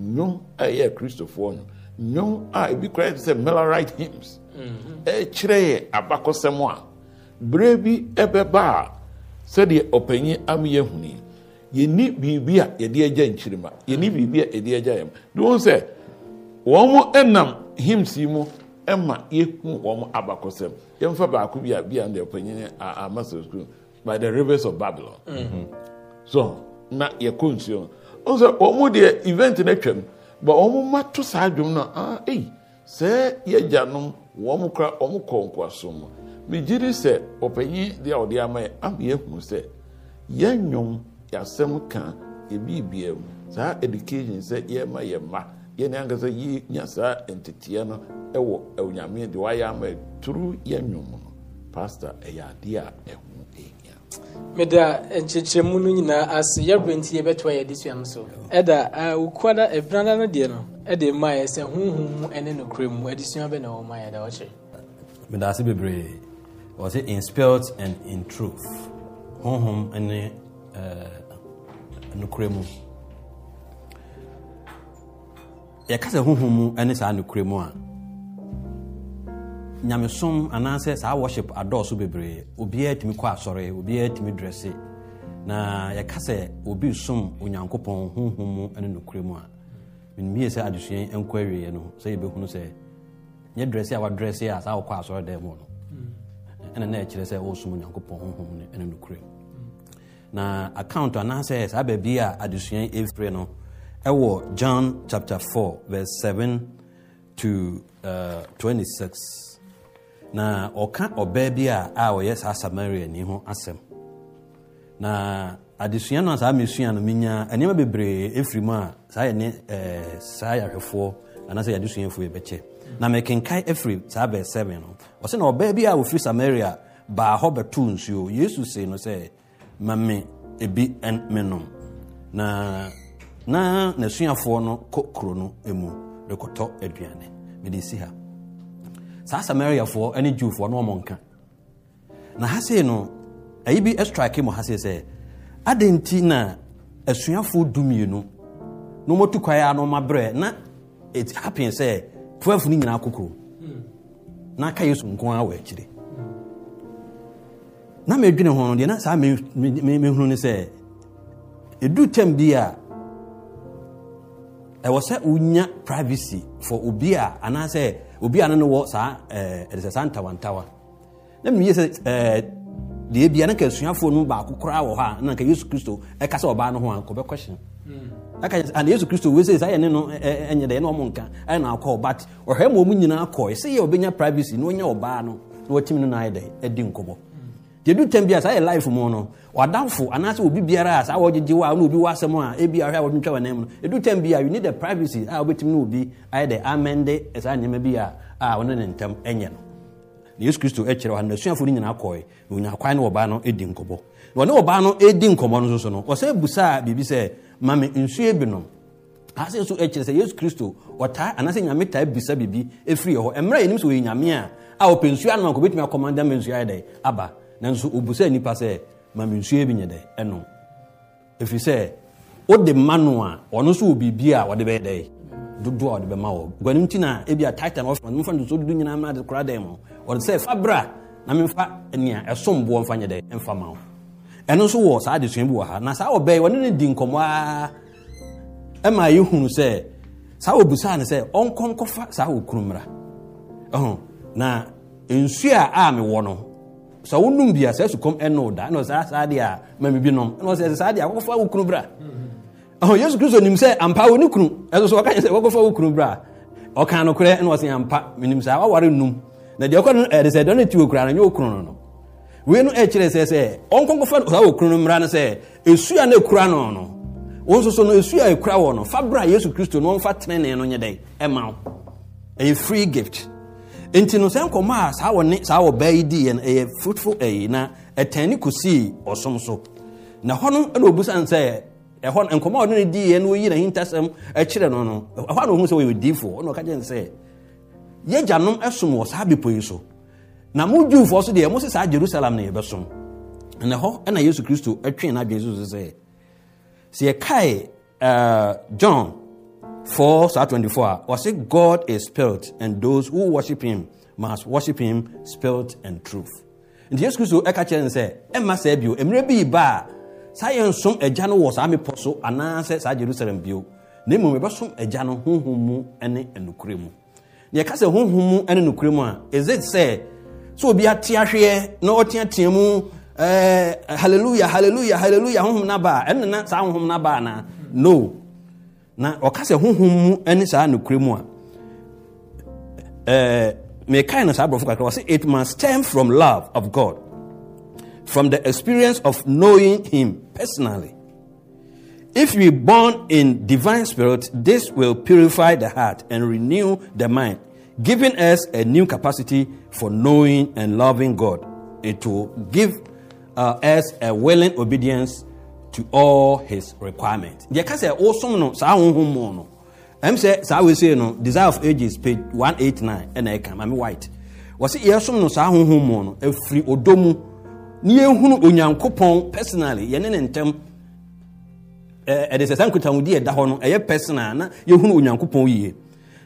nnwom a ɛyɛ kristofoɔ no nnwom a ebi kora yɛ sɛ melorite hymns hmm. ɛkyerɛ yɛ abakɔsɛm a berɛ bi ɛbɛba a sɛdeɛ ɔpanyin am yɛ huni yɛni biribi a yɛde agya nkyirima yɛni biribi a yɛde agya yɛm de sɛ wɔn nam hymns yi mu ma yɛhu wɔn abakɔsɛm yɛmfa baako bi a bi a deɛ a amasa school by the rivers of Babylon mm so na yɛkɔ nsuo wɔn sɛ event na wɔn mo saa eyi sɛ nom wɔn kora wɔn kɔ nkoasom megyere sɛ ɔpanyin deɛ a ɔde ama yɛ ama yɛhu sɛ yɛn nnwom ebi ka yɛbiribia mu saa education sɛ yɛma yɛ mma yɛne ankasa yi nya saa nteteɛ no ɛwɔ onyame deɛ wayɛ ama turu yɛn nnwom no pastor ɛyɛ adeɛ a ɛho meda nkyerɛkyerɛmu no nyinaa ase yɛbrɛ yɛbɛtoa so ɛda wokuada no deɛ no ɛde yɛ sɛ honhom mu nokorɛ mu adesua bɛ na wɔ ma ase bebree was it in spirit and in truth honhom ne eh, nokorɛ mu yɛka sɛ honhom mu ne saa nokorɛ mu a nyamesom anaasɛ saa worship adɔɔso bebree obiara tumi kɔ asɔre obiara tumi drɛse na yɛka sɛ obi som onyankopɔn honhom mu ne nokorɛ mu a menimie sɛ adesua nkɔ awieɛ no sɛ yɛbɛhunu sɛ nyɛ drɛse a wadrɛse a saa wokɔ asɔre dan mu no ɛna na ɛkyerɛ sɛ wɔsom onyankopɔn honhom no ɛne kure na account anaasɛ saa baabi a adesua ɛfiri no ɛwɔ john chapter 4 verse 7 to uh, 26 na ɔka ɔbaa bi a a ɔyɛ saa samariani ho asɛm na adesua no a saa mesua no menya nneɛma bebree ɛfiri mu a saa yɛ eh, saa yɛahwɛfoɔ anaasɛ yɛadesuafoɔ yɛbɛkyɛ na mekenkae ɛfiri saa bɛɛ 7 no ɔsɛ na ɔbaa bi a wɔfiri samaria baa hɔ bɛtoo nsuo yesu sei no sɛ ma me ebi menom na na n'asuafoɔ no kɔ kuro no mu rekɔtɔ aduane mede si ha saa samariafoɔ ne jewfoɔ na ɔmɔ nka na ha sei no ɛyi bi strike mu ha sei sɛ adɛn nti na asuafoɔ dumienu na ɔmatu kwae a na ɔmabrɛ na it happen sɛ 12 no nyinaa kokuro n'aka yesu nko ara wɔ akyire na medwene ho no deɛ na saa mehunu ne sɛ ɛduru tam bi a ɛwɔ sɛ wonya privacy for obi a anaasɛ obi a no no wɔ saa eh, ɛde sɛ saa ntawantawa na mmeye sɛ eh, deɛ bia na ka asuafoɔ no baako koraa wɔ hɔ a na nka yesu kristo ɛka sɛ ɔbaa no ho a kɔbɛkɔhye hmm. na yesu kristo wee sɛ saa yɛne no ɛnyɛ dɛ ɛne ɔmo nka ɛyɛ na akɔ but ɔhwɛ ma ɔmu nyinaa sɛ yɛ ɔbɛnya privacy na ɔnya ɔbaa no na watumi no dɛ ɛdi deɛ du bi a yɛ life obi biara a saa a na obi wɔ no edu bi a you a saa nneɛma bi a a ne ɛnyɛ no na yesu kristo ɛkyerɛ e wɔn e, na suafo no nyinaa kɔɛ na onyaa kwan no ɔbaa no edi na ɔne ɔbaa no edi no nso so no ɔsɛ mame nsuo binom ase nso kyerɛ sɛ yesu kristo ɔtaa anaasɛ nyame taa bisa biribi ɛfiri hɔ mmerɛ yɛnim sɛ ɔyɛ nyame a a ɔpɛ nsuo anoma kɔbɛtumi akɔmanda ma nsuo ayɛ dɛ aba nanso ɔbu sɛ nnipa sɛ mame nsuo bi nyɛ dɛ ɛnom ɛfiri sɛ wode ma no a ɔno nso wɔ biribi a wɔde bɛyɛ dɛ dodoɔ a ɔde bɛma wɔ guanem nti na ebi a titan ɔfa no mfa no so dodo nyinaa mmerɛ ade koraa dɛn mu ɔde sɛ fa bra na memfa nea ɛsom boɔ mfa nyɛ dɛ ɛmfa ma wo ɛno nso wɔ saa adesua bi wɔ ha na saa ɔbɛn wɔne ne di nkɔmɔ aa ɛma yɛhunu sɛ saa ɔbusaa no sɛ ɔnkɔ nkɔfa saa ɔkunu mmra ɛho na nsuo a a mewɔ no sɛ wonum bi a saa sukɔm ɛno da ɛna saa saa deɛ a mami bi nom ɛna ɔsɛ saa deɛ a wɔkɔfa ɔkunu bra ɛho yesu kristo nim sɛ ampa wɔ ne kunu ɛso so ɔka kyɛ sɛ wɔkɔfa ɔkunu bra ɔka no korɛ ɛna ɔsɛ ampa menim saa wɔware num na deɛ ɔkɔ no ɛde sɛ deɛ ti wɔ kura no nyɛ ɔkunu no no wei no ɛkyerɛ sɛ sɛ ɔnkɔnkɔfa saa wɔkunu no mmara no sɛ ɛsua no ɛkura no no nso so no ɛsua a ɛkura wɔ no fa berɛ yesu kristo no ɔmfa tenene no ɛma wo ɛyɛ free gift nti no sɛ a saa ne saa wɔbaa yi no ɛyɛ fruitful ɛyi na ɛtɛn ne ɔsom na hɔ no ɛna ɛhɔ no a no ɛkyerɛ no na sɛ na mo juufoɔ so deɛ mo se saa jerusalem na yɛbɛsom ɛnɛ hɔ ɛna yesu kristo atwee n'adwene so sɛ sɛ yɛkae eh, john 4 saa 24 a ɔse god is spirit and those who worship him must worship him spirit and truth nti yesu kristo ɛka kyerɛ no sɛ ɛmma saa bio mmerɛ bi ba a saa yɛnsom agya no wɔ saa mepɔ so anaasɛ saa jerusalem bio na mmom yɛbɛsom agya no honhom mu ne nokorɛ mu na yɛka sɛ honhom mu ne nokorɛ mu a ɛse sɛ So obi ate ahweɛ na ɔteatea mu eh, hallelujah hallelujah hallelujah honhom na baa ɛno na saa honhom na baa na no na ɔka sɛ honhom mu ne saa nokorɛ mu a eh, mekae no saa borɔfo kakra it must stem from love of god from the experience of knowing him personally if we born in divine spirit this will purify the heart and renew the mind giving us a new capacity for knowing and loving God. It will give uh, us a willing obedience to all His requirements. Deɛ ka sɛ ɔsom no saa ahohom mu no ɛm sɛ saa wei sei no desire of ages page one eight nine ɛna ɛka maame white wɔsi yɛsom no saa ahohom mu no efiri odo mu ne yɛhunu onyankopɔn personally yɛne ne ntɛm ɛɛ ɛde sɛ sankuta wodi ɛda hɔ no ɛyɛ personal na yɛhunu onyankopɔn yie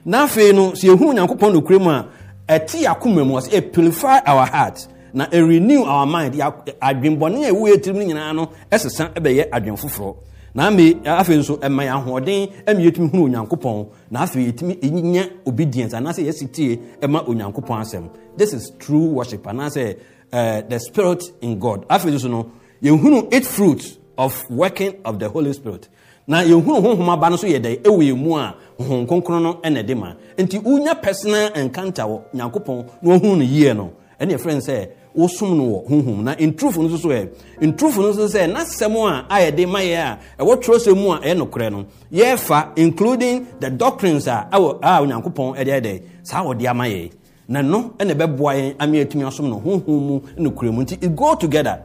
na afei no sɛ yɛhu onyankopɔn nokorɛ mu a ɛte yɛakoma mu ɔsɛ purify our heart na ɛrenew our mind adwenbɔne a ɛwɔ yɛtirim no nyinaa no ɛsesa bɛyɛ adwen foforɔ na ame afei nso ɛma yɛ ahoɔden ɛma yɛtumi hunu onyankopɔn na afei yɛtumi nya obedience anaasɛ yɛsi tie ɛma onyankopɔn asɛm this is true worship anaasɛ uh, the spirit in god afei nso no yɛhunu eight fruit of working of the holy spirit na yɛhunu honhom aba no nso yɛ dɛ ɛwɔ yɛn mu a honhom kronkron no ɛna ɛde ma nti wonya personal encounter wɔ nyankopɔn na ɔhu no yie no ɛne ɛfrɛ no sɛ wosom no wɔ honhom na nturufo no nso ɛ nturufo no nso sɛ n'asɛm a a yɛde ma yɛ a ɛwɔ twerɛsɛ mu a ɛyɛ nokorɛ no yɛfa including the doctrines a awɔ a onyankopɔn ɛde ɛde saa wɔde ama yɛ na no ɛna ɛbɛboa yɛn ama yɛatumi asom no honhom mu ne korɛ mu nti it go together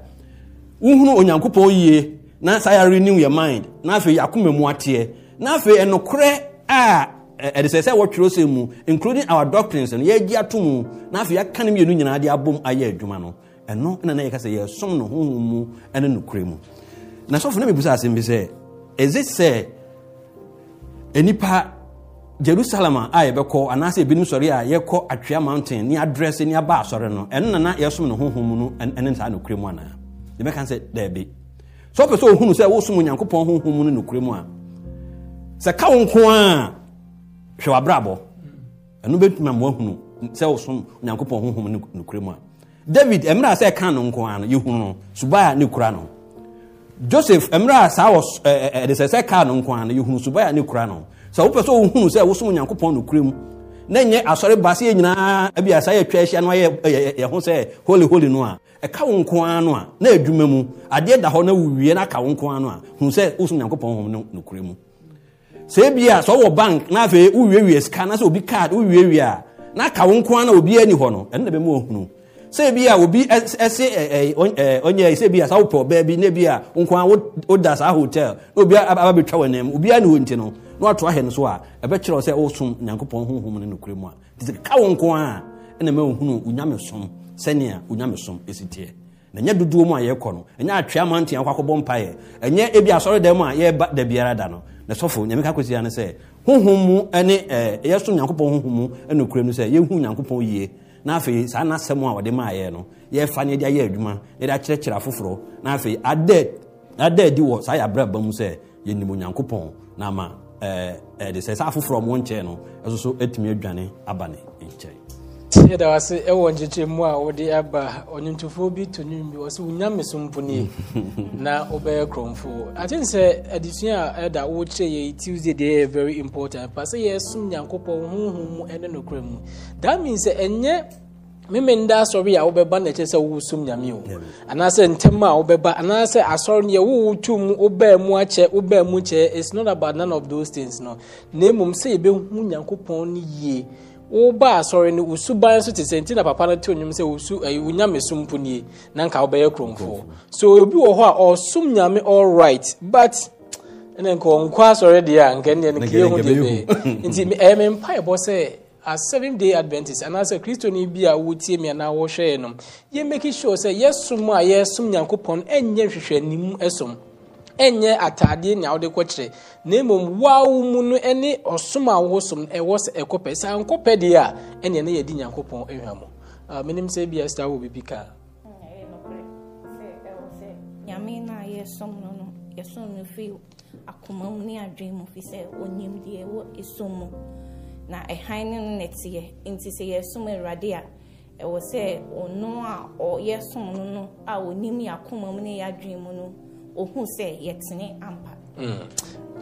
wohunu onyankopɔn yie na saa yɛ renew your mind na afei yɛakoma mu ateɛ na afei ɛnokorɛ a ɛde sɛ sɛ wɔtwerɛ sɛ mu including our doctrines no yɛagye ato mu na afei yɛaka no mmienu nyinaa de abom ayɛ adwuma no ɛno na na yɛka sɛ yɛsom no honhom mu ne nokorɛ mu na sɔfo no mebusa asɛm bi sɛ ɛze sɛ ɛnipa jerusalem a yɛbɛkɔ anaasɛ ebinom sɔre a yɛkɔ atwea mountain ne adrɛse ne aba asɔre no ɛno nana yɛsom no honhom mu no ne saa nokorɛ mu anaa yɛbɛka sɛ daabi sɛ wopɛ sɛ ohunu sɛ wosom onyankopɔn honhom mu no nokorɛ mu a sɛ ka wo nko a hwɛ w'abrabɔ ɛno bɛtumi ama woahunu sɛ wosom onyankopɔn honhom no a david mmerɛ a sɛ ɛka no nko a no yɛhunu no subaya ne kura no joseph emira a saa wɔ sɛ sɛ ka no nko a no yɛhunu subaya ne kura no sɛ na nyɛ asɔre saa yɛtwa ahyia no ayɛ yɛ ho sɛ holy holy no a ɛka wo nko ara no a na adwuma mu adeɛ da hɔ na wowie no aka wo nko ara a hu sɛ sɛ bia sọ ɔwɔ bank na afei wowiewie na sɛ obi card wowiewie a na aka na obi ani hɔ no ɛno na bɛma ɔhunu sɛ bi a obi ɛse ɔnyɛ sɛ bi a saa wopɛ ɔbaa na bi a woda saa hotel na obi aba bɛtwa obiara nti no na wato ahɛ no so a ɛbɛkyerɛ sɛ wosom nyankopɔn honhom mu a nti sɛ ka a ɛna ma ɔhunu onyame som sɛnea onyame som ɛnyɛ dodoɔ mu a yɛkɔ no ɛnyɛ atwea mantea ɛsɔfo nyame ka kɔsia no sɛ honhom mu ne yɛsom nyankopɔn honhom mu nokorɛ no sɛ yɛhu nyankopɔn yie na afei saa nasɛm a wɔde maayɛ no yɛfa no yɛde ayɛ adwuma yɛde akyerɛkyerɛ afoforɔ na afei ada adi wɔ saa yɛabrɛba mu sɛ yɛnim onyankopɔn na ama ɛde sɛ saa afoforɔ ɔmo nkyɛn no ɛso so atumi adwane aba ne nkyɛn yɛda wase ɛwɔ nkyekyɛ mu a wode aba ɔnwontofoɔ bi to nwom bi wɔ na wobɛyɛ krɔmfoɔ akyene sɛ adesua a ɛda wokyerɛ yɛ tuesday deɛ very important pa sɛ yɛsom nyankopɔn honhom mu ɛne mu that means sɛ ɛnyɛ nda asɔre a na ɛkyɛ sɛ nyame o anaasɛ ntɛm a anaasɛ asɔre yɛ mu mu akyɛ mu kyɛ it's not about none of those things woba asɔre no wosu ban so te sɛ nti na papa no te onwom sɛ wosu ɛyi eh, wonyame som po nie na nka wobɛyɛ kuromfoɔ so obi wɔ hɔ a ɔsom nyame all right but ɛnna nka ɔnkɔ asɔre deɛ a nka nneɛ no kiyɛ ho deɛ bɛyɛ (laughs) nti ɛyɛ me eh, mpaebɔ sɛ as seven day adventist anaasɛ kristoni bi a wotie mi anaa wɔhwɛ yɛ nom yɛ make sure sɛ yɛsom a yɛsom nyankopɔn ɛnyɛ nhwehwɛ anim ɛsom ɛnyɛ ataadeɛ nea wode kɔkyerɛ na mmom wawo mu no ne ɔsom a woho som ɛwɔ sɛ saa a ɛneɛ na yɛdi nyankopɔn ahwa mu ah, menim sɛ bia wɔ biribi akoma mu ne adwene mu sɛ na ɛhan ne no nti sɛ yɛsom ɛwɔ sɛ ɔno a no a ɔnim yɛ akoma mu ohun sɛ yɛtene ampa mm.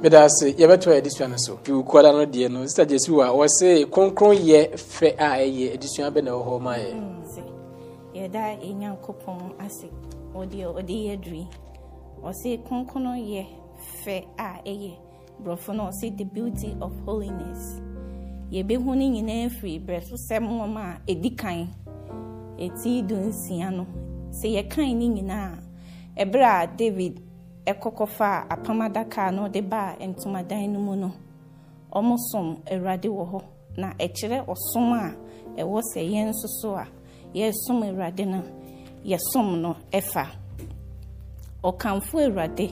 meda ase yɛbɛto a yɛdesua mm, no so piwukuada no deɛ no sista jesu a wɔse kronkron yɛ fɛ a ɛyɛ adesua bɛ na ɛwɔ hɔ ma yɛ yɛda ɛnyankopɔn ase ɔde ɔde yɛ aduri ɔse kronkron yɛ fɛ a ɛyɛ borɔfo no ɔse the beauty of holiness yɛbɛhu no nyinaa firi berɛso sɛm nwoma a ɛdi kan ɛti dunsia no sɛ yɛkan ne nyinaa a Ebere a david ɛkɔkɔ faa apam adaka na ɔde baa ntomadan no mu no ɔmo awurade wɔ hɔ na ɛkyerɛ ɔsom a ɛwɔ sɛ yɛn nso so a yɛsom awurade no yɛsom no ɛfa ɔkamfo awurade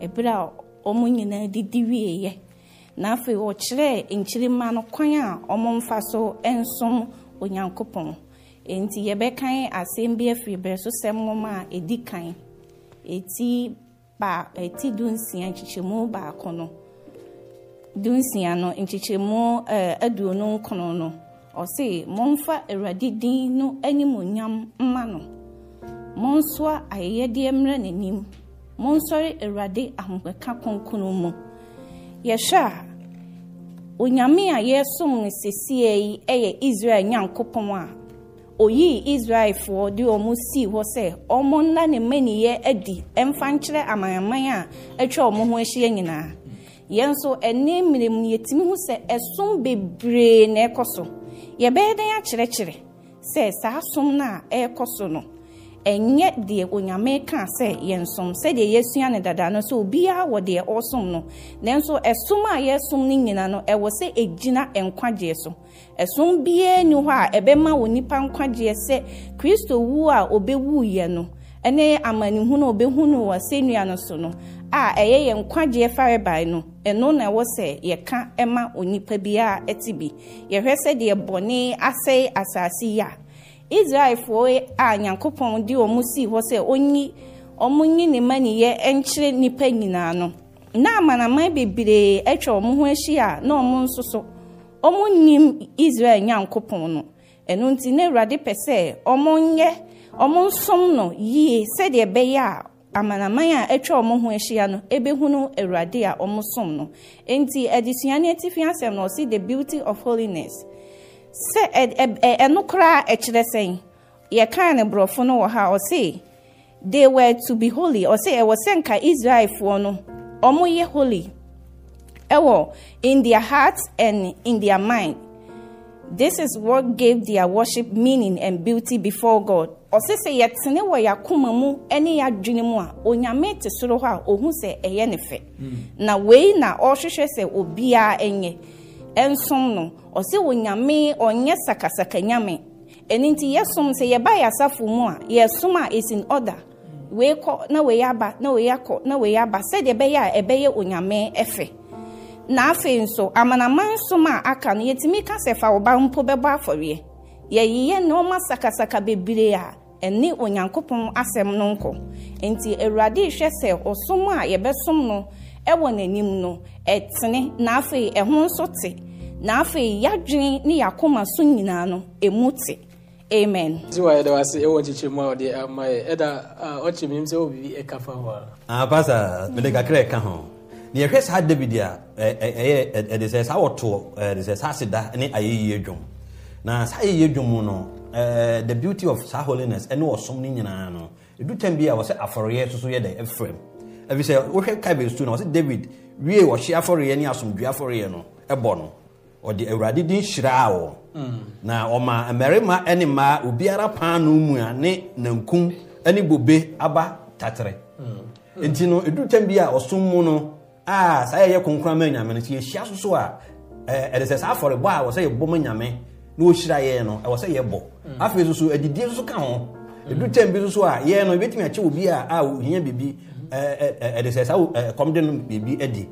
ebere a ɔmo nyinaa didi wieeɛ na afei ɔkyerɛ nkyirima no kwan a ɔmo mfa so nsom onyankopɔn Nti yɛbɛkan asɛm bi afiri bɛrɛ so sɛm nwoma a edi kan eti baa eti dunsia nkyekyɛmu baako no eh, dunsia no nkyekyɛmu ɛɛ aduonu nkron no ɔsi mɔmfa awurade din no animonyam mma no mɔnsoa ayɛyɛdeɛ mmerɛ n'anim mɔnsɔre awurade ahomeka konkon mu yɛhwɛ a onyame a yɛsom no sesie yi yɛ israel nyankopɔn a. oyii israelfoɔ de ɔmo si hɔ sɛ ɔmo nna ne mmaniyɛ adi mfa nkyerɛ amanaman a atwa ɔmo ho ahyia nyinaa yɛn nso ɛne mmirim yɛtumi ho sɛ ɛsom bebree na ɛkɔ so yɛbɛyɛ dɛn akyerɛkyerɛ sɛ saa som no a ɛrekɔ so no ɛnyɛ deɛ onyame ka sɛ yɛnsom sɛdeɛ yɛsua no dada no sɛ obiara wɔ deɛ ɔsom no nanso ɛsom a yɛsom no nyina no ɛwɔ sɛ ɛgyina nkwagyeɛ so ɛsom biara ni hɔ a ɛbɛma wɔ nnipa nkwagyeɛ sɛ kristo wu a ɔbɛwuiɛ no ɛne amanehunu a ɔbɛhunu wɔ sɛnnua no so no a ɛyɛ yɛn nkwagyeɛ farebae no ɛno na ɛwɔ sɛ yɛka ma onipa biara ɛte bi yɛhwɛ sɛ deɛ bɔne asɛe asase yi a israelfoɔ e, a nyankopɔn de ɔmo sii hɔ sɛ ɔnyi ɔmo nyi ne ma niyɛ nkyerɛ nipa nyinaa no na amanaman bebree atwa ɔmo ho ahyia na ɔmo nso so ɔmo nim israel nyankopɔn no ɛno nti na awurade pɛ sɛ ɔmo nyɛ ɔmo nsom no yie sɛdeɛ ɛbɛyɛ a amanaman a atwa ɔmo ho ahyia no ebɛhunu awurade a ɔmo som no nti adesua no atifi asɛm na ɔsi the beauty of holiness sɛ ɛno koraa ɛkyerɛ sɛn yɛkaa ne borɔfo no wɔ ha ɔse they were to be holy ɔse ɛwɔ sɛ nka israelfoɔ no ɔmoyɛ holy ɛwɔ in their heart and in their mind this is what gave their worship meaning and beauty before god ɔse sɛ yɛtene wɔ yɛakoma mu ne yɛadwene mu a onyame te soro hɔ a ɔhu sɛ ɛyɛ ne fɛ mm. na wei na ɔrehwehwɛ sɛ obiara nyɛ ɛnsom no ɔsɛ onyame ɔnyɛ sakasaka nyame ɛno nti yɛsom sɛ yɛba yɛ asafo mu a yɛsom a is in order wei kɔ na wei aba na wei akɔ na wei aba sɛdeɛ ɛbɛyɛ a ɛbɛyɛ onyame ɛfɛ na afei nso amanaman som a aka no yɛtumi ka sɛ fa ɔba mpo bɛbɔ afɔreɛ yɛyeyɛ nneɔma sakasaka bebree a ɛne onyankopɔn asɛm no nkɔ nti awurade hwɛ sɛ ɔsom a yɛbɛsom no ɛwɔ n'anim no ɛtene na afei ɛho nso te na afei yɛadwene ne yɛakoma so nyinaa no ɛmu te amen nti wayɛ dɛ wase ɛwɔ kyekyerɛ mu a ɔde ama yɛ ɛda ɔkye menim sɛ wɔbiribi ɛka fa ho a ah, pasa mede kakra ɛka ho na yɛhwɛ saa david a ɛyɛ ɛde sɛ saa wɔtoɔ ɛde sɛ saa seda ne ayɛyie dwom na saa ayɛyie dwom mu no the beauty of saa holiness ɛne ɔsom no nyinaa no ɛdu tam bi a wɔsɛ afɔreɛ soso yɛ dɛ ɛfrɛ mu ɛfiri sɛ wohwɛ kaibɛstu na wɔsɛ david wie wɔhye afɔreɛ ne asomdwe afɔreɛ no ɛbɔ no ɔde awurade din hyiraa wɔ na ɔma mmarima ne mmaa obiara paano mu a ne nankum ne bobe aba tatere nti no ɛduru tam bi a ɔsom mu no a saa yɛyɛ konkran ma nyame no nti yɛhyia so so a ɛde sɛ saa afɔrebɔ a wɔsɛ yɛbɔ ma nyame na wɔhyira yɛn no ɛwɔ sɛ yɛbɔ afei so so adidie so ka ho ɛduru tam bi so a yɛn no yɛbɛtumi akyɛ obi a a ohia biribi ɛde sɛ saa ɛkɔmde no biribi adi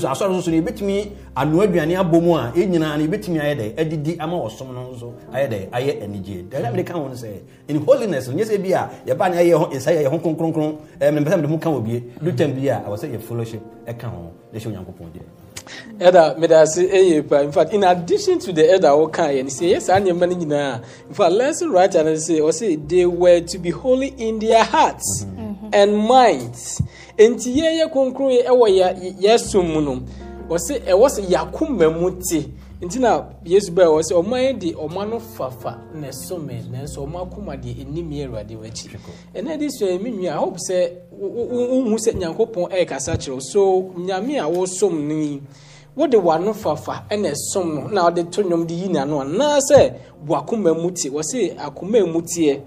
soso no yɛbɛtumi anoa aduane abɔ mu a ɛn e nyinaa no ayɛ dɛ adidi ama ɔsom no nso ayɛ dɛ ayɛ anigyeɛ dɛna mede ka ho sɛ in holiness no nyɛ sɛ bi a yɛba ne ɛyɛ ɛsɛ yɛ ho kronkronkron mempɛ sɛ mede ka wɔ bie do bi a ɛwɔ yɛ fellowship ɛka ho na hyɛ onyankopɔn gyina ɛda mede ase ɛyɛ pa infact in addition to the ɛda wɔka yɛ no sɛ ɛyɛ saa nneɛma no nyinaa a infact lesson writer no sɛ ɔse they were to be holy in their hearts mm -hmm. and minds nti yɛn yɛ kronkron yɛ wɔ yɛso mu no wɔsi ɛwɔ sɛ yakoma mu te nti na yesu bɛyɛ wɔsi sɛ ɔman yɛ de ɔman no fafa na ɛsome nanso ɔman akoma deɛ anim yɛ awurade w'akyi ɛnna de so ɛmi nwi a hope sɛ wohu sɛ nyankopɔn ɛkasa kyerɛw so nyame a wɔsom no yi wode w'ano fafa ɛna eh, ɛsom no na ɔde to nnwom de yi n'ano anaasɛ w'akoma mu te wɔsi akuma mu teɛ.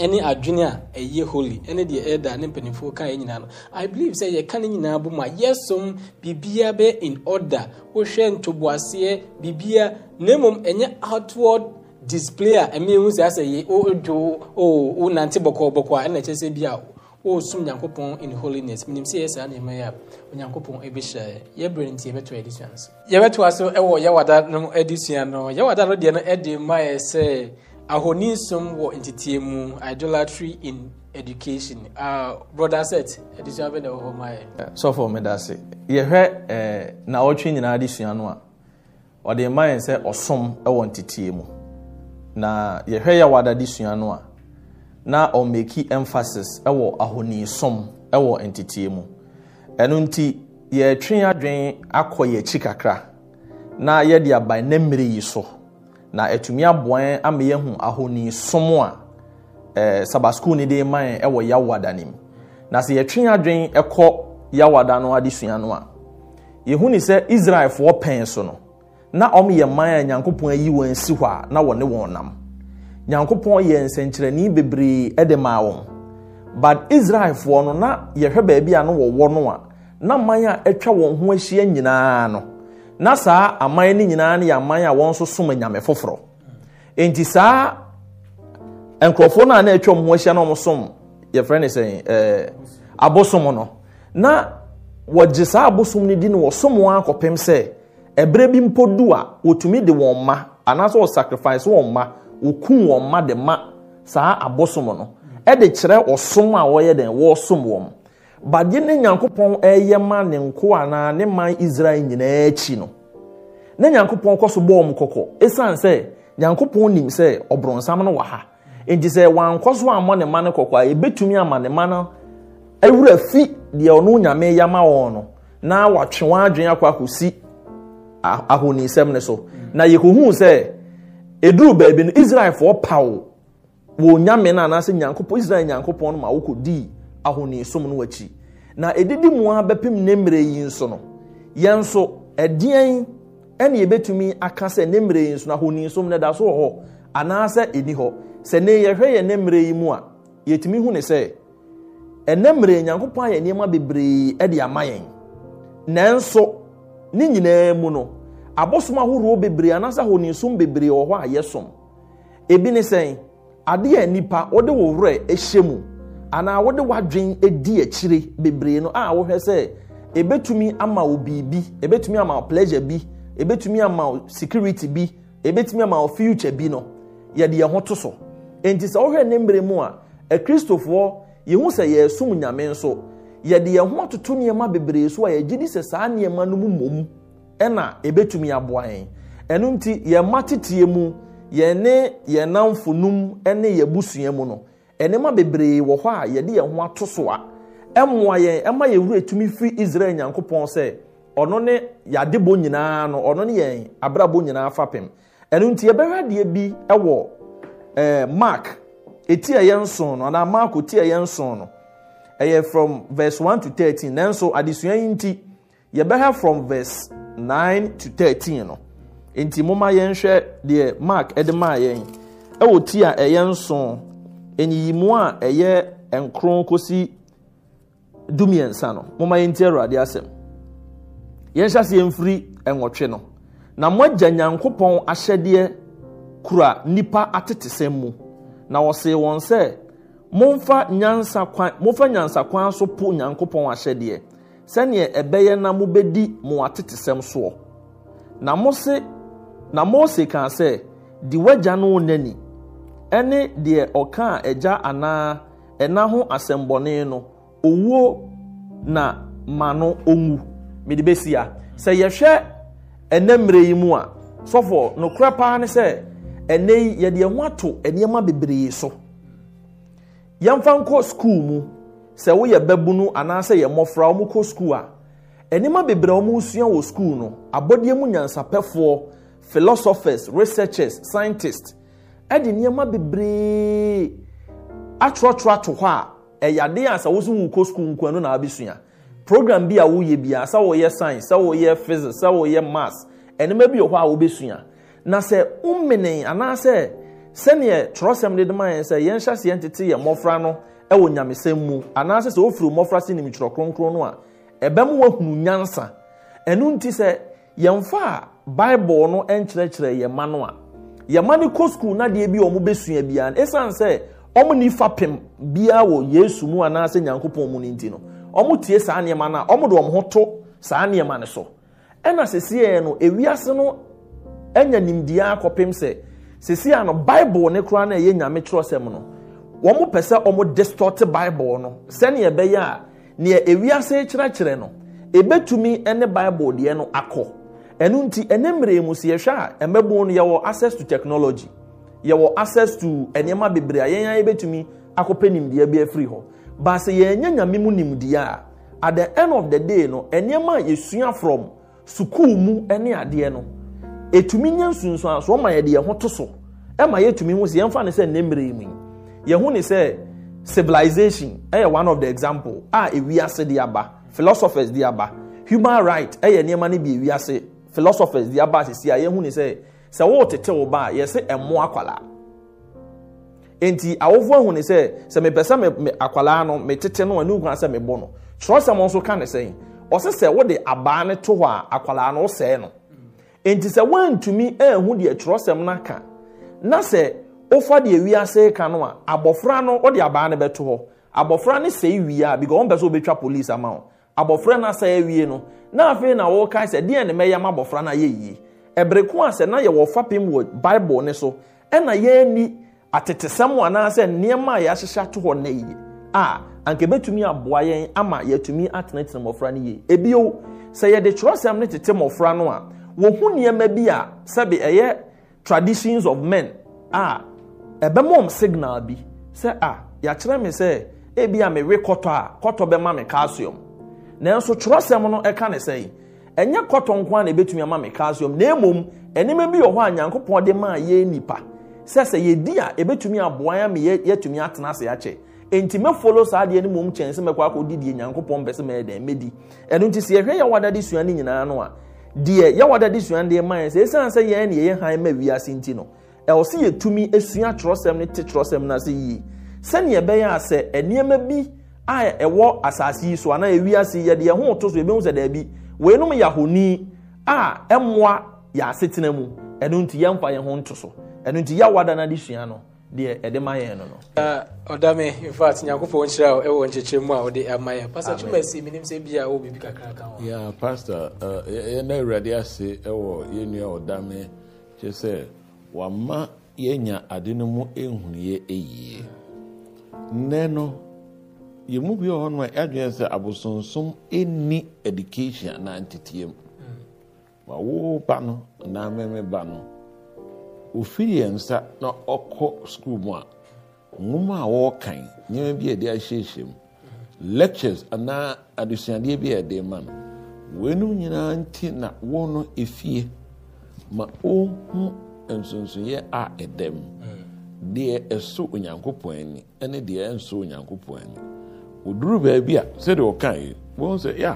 ɛne adwene a ɛyɛ holy ɛne deɛ ɛda ne mpanimfoɔ ka yɛ nyinaa no i believe sɛ yɛka ne nyinaa bɔ mu a yɛsom biribia bɛ in order wohwɛ ntoboaseɛ biribia na mmom ɛnyɛ outward display a ɛmɛ ehu sɛ asɛ yɛ ɔdwo ɔɔ ɔnante bɔkɔɔbɔkɔ a ɛna kyerɛ sɛ bi a ɔɔsom nyankopɔn in holiness menim sɛ yɛ saa nneɛma yɛ a onyankopɔn ɛbɛhyɛ yɛbrɛ nti yɛbɛto adesua no so yɛbɛtoa so ɛwɔ yɛwada no adesua no yɛwada no deɛ no ɛde ma yɛ sɛ ahoni nsom wɔ nteteɛ mu idolatry in education uh, brother set adesua bɛ na ɛwɔ hɔ ma yɛ. Eh, sɔfo mi da se yɛhwɛ ɛɛ eh, na ɔtwe nyinaa de sua no a ɔde mma yɛn sɛ ɔsom ɛwɔ nteteɛ mu na yɛhwɛ yɛ wada de sua no a na ɔmeki emphasis ɛwɔ ahoni som ɛwɔ nteteɛ mu ɛno nti yɛtwe adwen akɔ yɛn akyi kakra na yɛde aba ne mmiri yi so. na ɛtumi aboa ama yɛhu ahoni som a saba sukuu ne de man ɛwɔ yawada mu na sɛ yɛtwe adwen yawada no adesua no a yɛhu ne sɛ na yɛ man a nyankopɔn ayi wɔn si hɔ a na wɔne wɔn nam nyankopɔn yɛ nsɛnkyerɛni bebree ɛde maa wɔn but israelfoɔ no na yɛhwɛ baabi a no wɔwɔ no a na man a atwa wɔn ho ahyia nyinaa na saa aman no nyinaa no yɛ aman a wɔn nso som nyame foforɔ nti saa nkurɔfoɔ no a na atwam ho ahyia na ɔmsom yɛfrɛ ne sɛ abosom no na wɔgye saa abosom no di no wɔsom wɔn akɔpem sɛ ɛberɛ bi mpo du a wɔtumi de wɔn mma anaasɛ wɔ sacrifice wɔn mma wɔkum wɔn mma de ma saa abosom no ɛde kyerɛ ɔsom a wɔyɛ den wɔsom wɔn badeɛ ne nyankopɔn ɛyɛ ma ne nko anaa ne man israel nyinaa akyi no ne nyankopɔn kɔ so bɔɔ m kɔkɔ ɛsiane sɛ nyankopɔn nim sɛ ɔborɔnsam no wɔ ha nti sɛ wankɔ so ama ne ma no kɔkɔ a ebetumi ama ne ma no awura fi deɛ ɔno nyame yɛma wɔn no na watwe wɔn adwene akɔ akɔsi ahoniisɛm no so na yɛkɔhuu sɛ ɛduru baabi no israelfoɔ paw wɔ nyame no anaasɛ nyankopɔn israel nyankopɔn no ma wokɔdii ahonesom no wakyi na ɛdidi mua bɛpem ne mmerɛ yi nso no yɛn nso ɛdeɛn ɛne yɛbɛtumi aka sɛ ne mmerɛ yi nso no ahonesom no so wɔ hɔ anaasɛ ɛni hɔ sɛ ne yɛhwɛ yɛ ne mmerɛ yi mu a yɛtumi hu ne sɛ ɛnɛ mmerɛ nyankopɔn ayɛ nneɛma bebree ɛde ama yɛn nanso ne nyinaa mu no abosom ahoroɔ bebree anaasɛ ahonesom bebree wɔ hɔ a yɛsom ebi ne sɛn adeɛ a nipa wɔde wɔwerɛ ahyɛ mu anaa wode w'adwen di akyire bebree no a wohwɛ sɛ ɛbɛtumi ama wo biribi ɛbɛtumi ama pleasure bi ɛbɛtumi ama security bi ɛbɛtumi ama future bi no yɛde yɛ ho to so ɛnti sɛ wohwɛ ne mmerɛ mu a akristofoɔ yɛhu sɛ yɛsom nyame nso yɛde yɛn ho atoto nneɛma bebree so a yɛgye di sɛ saa nneɛma no mu mmom ɛna ɛbɛtumi aboa yɛn ɛno nti yɛn mma teteɛ mu yɛne yɛn namfonum ne yɛn busua mu no nnoɔma bebree wɔ hɔ a yɛde yɛn ho ato so a ɛmmoa yɛn ɛma yɛwurɛ tumi firi israel nyankopɔn sɛ ɔno ne yɛadebɔ nyinaa no ɔno ne yɛn abrabɔ nyinaa fapem ɛno nti yɛbɛhwɛ deɛ bi ɛwɔ eh, mark eti a yɛ nson no anaa mark ɔti a yɛ nson no ɛyɛ from verse one to thirteen nanso adesua yi nti yɛbɛhwɛ from verse nine to thirteen no nti momma yɛnhwɛ deɛ mark ɛde maa yɛn ɛwɔ ti a ɛyɛ nson ɛnyiyimu a ɛyɛ nkron kɔsi dumiɛnsa no moma yɛnti awurade asɛm yɛnhyɛ sɛ yɛmfiri nwɔtwe no na agya nyankopɔn ahyɛdeɛ kura nnipa sɛm mu na wɔsee wɔn sɛ momfa nyansa kwan so po nyankopɔn ahyɛdeɛ sɛnea ɛbɛyɛ na mobɛdi mo sɛm soɔ na na mose kaa sɛ di w'agya no wo n'ani ɛne deɛ ɔka a ɛgya anaa ɛna ho asɛmbɔne no owuo na ma no ɔnwu mede bɛsi a sɛ yɛhwɛ ɛnɛ mmerɛ yi mu a sɔfo nokorɛ paa ne sɛ ɛnɛ yi yɛde yɛn ho ato nneɛma bebree so yɛmfa nkɔ skuul mu sɛ woyɛ bɛbunu anaasɛ yɛ mmɔfra wɔn kɔ skuul a nneɛma bebree a wɔn resua wɔ skuul no abɔdeɛ mu nyansapɛfoɔ philosophers researchers scientists ɛde nneɛma bebree atwerɛtwerɛ ato hɔ a ɛyɛ adeɛ a sɛ woso wukɔ sukuu nkua no na abɛsua program bi a woyɛ bia sɛ wɔyɛ science sɛ wɔyɛ physics sɛ wɔyɛ maths ɛnima bi wɔ hɔ a wobɛsua na sɛ womene anaasɛ sɛneɛ twerɛsɛm de de ma yɛn sɛ yɛn hyɛseɛ ntete yɛ mmɔfra no ɛwɔ nyamesɛm mu anaasɛ sɛ wofiri mmɔfra se nim twerɛ kronkron no a ɛbɛm wahunu nyansa ɛno nti sɛ yɛmfa bible no nkyerɛkyerɛ yɛn ma no a yɛma ne kɔ skuul nadeɛ bi a ɔmo bɛsua biara no ɛsiane sɛ ɔmo nifa pem biara wɔ yesu mu anaasɛ nyankopɔn mu no nti no ɔmo tie saa nneɛma na a ɔmo de ɔmo ho to saa nneɛma no so ɛna sɛsieɛ no ewiase no ɛnya nimdeɛ akɔpem sɛ sɛsieɛ no bible ne koraa no ɛyɛ nyame kyerɛsɛm no wɔn pɛ sɛ wɔn distort bible no sɛnea ɛbɛyɛ a nea ewiase kyerɛkyerɛ no ebetumi ne bible deɛ no akɔ ɛno nti ɛne mmerɛ mu si yɛhwɛ a mmɛbo no yɛwɔ access to technology yɛwɔ access to nneɛma bebree a yɛn a yɛbɛtumi akɔpɛ nimdeɛ bi afiri hɔ baasa yɛnyɛ nyame mu nimdeɛ a at the end of the day no nneɛma a yɛsua from sukuu mu ne adeɛ no ɛtumi nyɛ nsunsuanso ɔma yɛde yɛn ho to so ɛma yɛtumi ho sɛ yɛmfa ne sɛ nne mmerɛ mu yi yɛho ne sɛ civilization ɛyɛ one of the example a ewiase de aba philosophers de aba human right ɛyɛ nneɛma no bi ewiase philosophers de aba asisi a yɛhu ne sɛ sɛ wɔretete wo ba a yɛsɛ ɛmo akwalaa nti awofoɔ ahu ne sɛ sɛ mepɛ sɛ me me akwalaa no metete no a ne nkwa sɛ mebɔ no twerɛsɛm nso ka ne sɛn ɔsɛ sɛ wode abaa ne to hɔ a akwalaa no sɛɛ no nti sɛ woantumi anhu deɛ twerɛsɛm no aka na sɛ wofa deɛ wiase ka no a abɔfra no wode abaa no bɛto hɔ abɔfra no sɛe wie a because wɔmpɛ sɛ wobɛtwa police ama wo abɔfra no no na afei na wɔrekae sɛ deɛ ne mɛyɛ ma abɔfra no ayɛ yie ɛbere ko a sɛ na yɛwɔ fapem wɔ bible ne so ɛna yɛani atetesɛm anaasɛ nneɛma a yɛahyehyɛ ato hɔ na yie a anka ɛbɛtumi aboa yɛn ama yɛatumi atenetene mmɔfra no yie ebio sɛ yɛde kyerɛsɛm no tete mmɔfra no a wɔhu nneɛma bi a sɛbe ɛyɛ traditions of men a m signal bi sɛ a yɛakyerɛ me sɛ ebi a mewe kɔtɔ a kɔtɔ bɛma me calcium nanso twerɛsɛm no ɛka ne sɛn ɛnyɛ kɔtɔ nko a na ebetumi ama mi calcium na emom ɛnima bi wɔ hɔ a nyankopɔn de maa yɛ nipa sɛ sɛ yɛdi a ebetumi aboa ama yɛ yɛtumi atena ase akyɛ nti mɛfolo saa adeɛ no mom kyɛn sɛ mɛkɔ akɔ didi nyankopɔn bɛsɛ mɛyɛ dɛn mɛdi ɛno nti sɛ yɛhwɛ yɛwɔ adade sua no nyinaa no a deɛ yɛwɔ adade sua no deɛ maa yɛ sɛ esiane sɛ yɛn ne yɛyɛ han ma wiase nti no ɛwɔ sɛ yɛtumi esua twerɛsɛm ne te twerɛsɛm no ase yie sɛnea ɛbɛyɛ a sɛ nneɛma bi a ɛwɔ asase yi so anaa ewiase yɛde yɛn ho to so ebi ho sɛ daabi wɔnum yɛ ahoni a ɛmoa yɛ asetena mu ɛno nti yɛmfa yɛn ho nto so ɛno nti yɛawada no de sua no deɛ ɛde ma yɛn no no ɔdame infact nyankopɔn nhyira wo ɛwɔ nkyekyerɛ mu a wode ama yɛ pastor twuma si menim sɛ bia wɔ biribi kakraka ya pastor uh, na awurade ase ɛwɔ yɛnnua ɔdame kyɛ sɛ wama yɛanya ade no mu ɛnhunueɛ ɛyie nnɛ no yɛmu bi wɔ hɔ no a yɛadwene sɛ abosonsom ɛnni education na ma ba no anaa mɛmɛ ba no ofiri yɛn nsa na ɔkɔ sukuu mu a nwoma a wɔrekan nneɛma bi a yɛde ahyehyɛ mu lectures anaa adesuadeɛ bi a yɛde ma no nyinaa nti na wɔn no efie ma ɔhu a ɛda mu deɛ ɛso onyankopɔn ani ɛne deɛ ɛnso onyankopɔn ani ɔduru baabi a sịrị sɛdeɛ wọn sị sɛ yɛ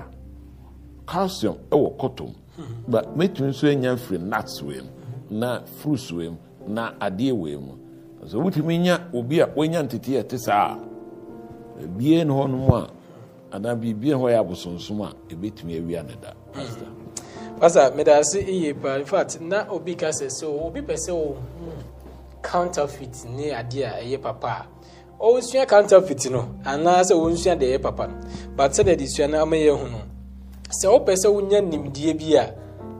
calcium wɔ kɔtɔm but mɛtumi nso anya firi nuts wei mu na fruits wei mu na adeɛ wei mu sɛ wotumi nya obi a onya ntete ɛte saa a biara ne hɔ no mu a anaa biribia hɔ yɛ abosonsom a ɛbɛtumi awia ewia na ịda. pastor meda ase yie paa in fact na obi ka sɛ sɛ obi pese o wo counterfeit ne adeɛ a ɛyɛ papa a ɔwosua counterfeit no anaasɛ ɔwosua deɛ ɛyɛ papa no but sɛdeɛ de sua no ama yɛ hu no sɛ wopɛ sɛ wonya nimdeɛ bi a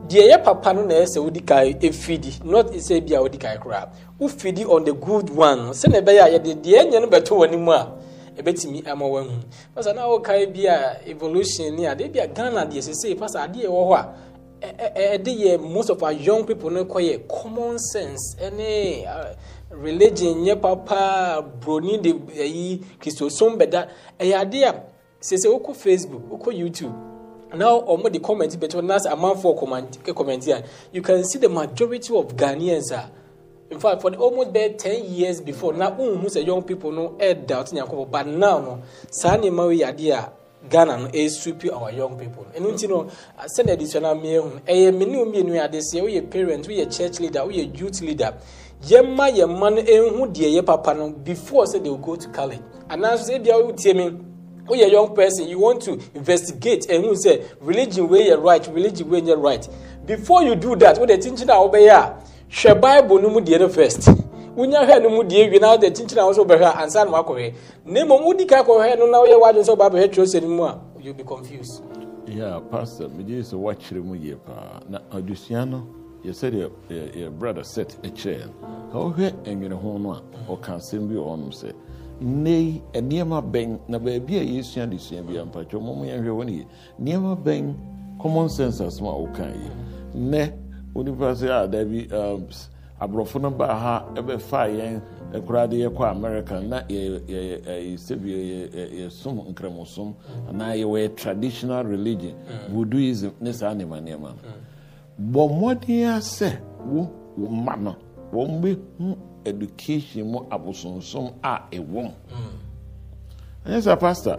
deɛ ɛyɛ papa no na ɛyɛ sɛ wodi kae ɛfidi not sɛ bi a wodi kae koraa wofidi on the good one no sɛne ɛbɛyɛ a yɛde deɛ ɛnyɛ no bɛto w'ani mu a ɛbɛtumi ama wahu pasa na wokae bi a evolution ni adeɛ bi a ghana deɛ sesei pasa adeɛ ɛwɔ hɔ a ɛde yɛ most of our young people no kɔyɛ common sense ɛne religion nyɛ papa broni de ayi kristosom bɛda ɛyɛ adeɛ a sese wokɔ facebook wokɔ youtube now ɔmo de comment bɛtɔ nas amanfoɔ comment comment a you can see the majority of ghanaians a in fact for the almost bɛɛ ten years before na ohun sɛ young people no ɛda ɔte nyankopɔ but now no saa nneɛma wei yɛ adeɛ a ghana no ɛresupi our young people ɛno nti no sɛdeɛ adesua no ameɛ hu ɛyɛ mene wo mmienu yɛ adeseɛ woyɛ parent woyɛ church leader woyɛ youth leader yɛmma yɛn mma no ehu deɛ yɛ papa no before say they will go to college anaasọ sɛ ebi a wotie mi woyɛ young person you want to investigate ehu sɛ religion wey yɛ right religion wey yɛ right before you do that wọ́n dẹ̀ kyinkyin a wọ́bɛyɛ a hwɛ bible no mu deɛ no first wonya hwɛ no mu deɛ wie na wọ́n dẹ̀ kyinkyin a wọ́n sɛ wọ́bɛhwɛ a ansa na wakɔ hwɛ na mmom wodi ka kɔ no na woyɛ wadwin sɛ ɔba abɛhwɛ twerɛsɛ no mu a you be confused. yeah, pastor me gye sɛ wakyerɛ mu yie paa na adusua no yɛsɛdeɛ yɛ brother set kyerɛɛ no ka wohwɛ nwene ho no a ɔka asɛm bi ɔnom sɛ nnei nneɛma bɛn na baabi a yɛsua de sua bi ampatwɛ mɔm yɛhwɛ wɔ no yɛ nneɛma bɛn common sense asɛm a woka yi nnɛ onipa sɛ a ah, daabi um, aborɔfo no baa ha ɛbɛfaa yɛn koraa de yɛkɔ america na sɛbi yɛsom nkramosom anaa yɛwɔyɛ traditional religion buduism mm. ne saa nneɛma nneɛma no mm. bɔ mmɔden a sɛ wo wo mma no wɔn bɛhu education mu abosonsom a ɛwɔ hmm. ɛnyɛ sɛ pastor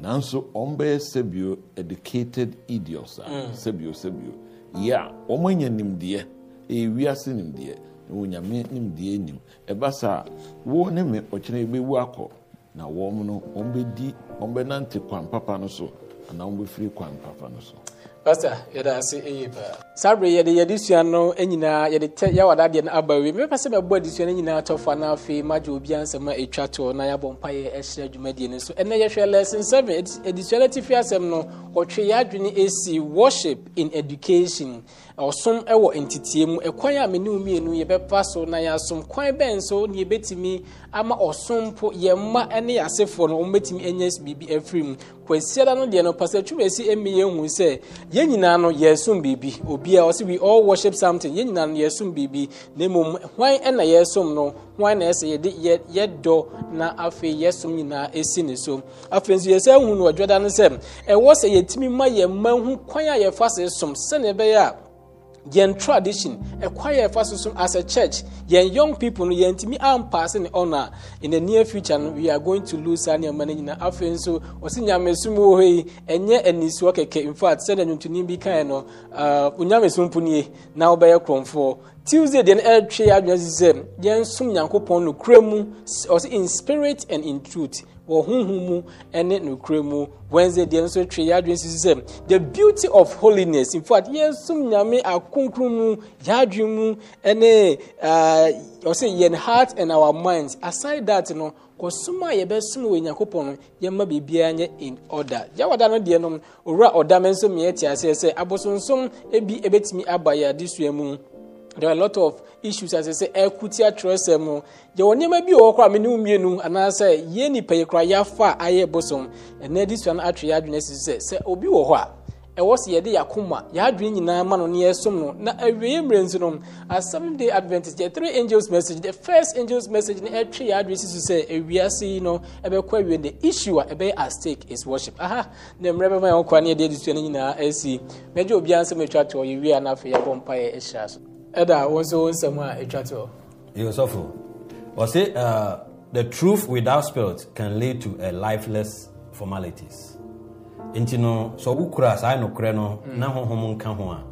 nanso wɔn bɛyɛ sɛbio educated idiots a hmm. sɛbio sɛbio yɛ a wɔn anya nimdeɛ ɛyɛ nimdeɛ na wɔn nyame nimdeɛ nim ɛba saa wɔn ne me ɔkyerɛ bɛwu akɔ na wɔn no wɔn bɛdi wɔn bɛnante kwan papa no so anaa wɔn bɛfiri kwan papa no pastor yɛda ase ɛyɛ paa saa bere yɛde yɛde sua no nyinaa yɛde tɛ yɛwɔ dadeɛ no aba wie mepɛ sɛ mɛbɔ de sua no nyinaa tɔfoa no afei magye obia nsɛm a ɛtwa toɔ na yɛabɔ mpayɛ ɛhyerɛ adwumadie no so ɛnɛ yɛhwɛ lesson 7 adesua no atifi asɛm no wɔtwe yɛ adwene ɛsi worship in education ɔsom wɔ nteteɛ mu kwan a mene wo mmienu yɛbɛba so na yɛasom kwan bɛn nso na yɛbɛtumi ama ɔsom mpo mma ne yɛasefoɔ no wɔmbɛtumi anya biribi afiri mu kwasiada no deɛ no pɛ sɛ twumasi mi yɛhu sɛ yɛn nyinaa no yɛsom biribi obiaa ɔsɛ we all worship something yɛn nyinaa no yɛsom biribi na mmom hwan na yɛsom no hwan na ɛsɛ yɛde yɛdɔ na afei yɛsom nyinaa ɛsi ne so afei nso yɛsɛ hu no adwada no sɛ ɛwɔ sɛ yɛtumi ma yɛn mma ho kwan a yɛfa se som na ɛbɛyɛ a yɛn tradition ɛkwa yɛ fa so as a church yɛn young people no yɛntumi ampaase ne ɔno a in the near future no we are going to lose saa nneɛma no nyinaa afei nso ɔsi nyamesom wɔ hɔ yi ɛnyɛ anisuo kɛkɛ in fact sɛdeɛ nwontoni bi kae no onyamesom po nie na wobɛyɛ krɔmfoɔ tuesday deɛ no ɛretwe yɛ adwene sɛ sɛ yɛnsom nyankopɔn no kura mu ɔsi in spirit and in truth wɔ honhom mu ne nokorɛ mu wednesday deɛ nso twe yɛ adwene sisi sɛ the beauty of holiness in fact yɛsom nyame akonkron mu yɛ adwene mu ne eh, ɔsɛ yɛn heart and our minds aside that no kɔsom a yɛbɛsom wɔ nyankopɔn no yɛma biribiara nyɛ in order yɛwada no deɛ no owura ɔdame nso meɛ te aseɛ sɛ abosonsom bi ɛbɛtumi aba yɛ adesua mu there are a lot of issues as I say ɛkuti atwerɛsɛm um, mu yɛ wɔ nneɛma bi wɔ hɔ koraa mene mmienu anaasɛ yɛ nipa yɛ koraa yɛafa ayɛ bosom ɛnna di sua no atwe yɛ adwene sisi sɛ sɛ obi wɔ hɔ a ɛwɔ e sɛ yɛde yɛakoma yɛadwene nyinaa ma no ne yɛsom no na awie e mmerɛ nso no a seven adventist yɛ three angels message the first angels message no ɛtwe e yɛ adwene sisi sɛ ewiase yi no ɛbɛkɔ awie the issue a ɛbɛyɛ at stake is worship aha na mmerɛ bɛma yɛn ho koraa ne yɛde adi sua no nyinaa asi mɛgye obiara nsɛm atwa toɔ yɛwie a na afei yɛbɔ mpaeɛ ahyira so ɛda wɔn nso wɔn nsɛm a atwa te hɔ. yóò sɔfo ɔsi uh, the truth without spirit can lead to a lifeless formalities nti no sɛ wokura saa nokorɛ no mm. na honhom nka ho a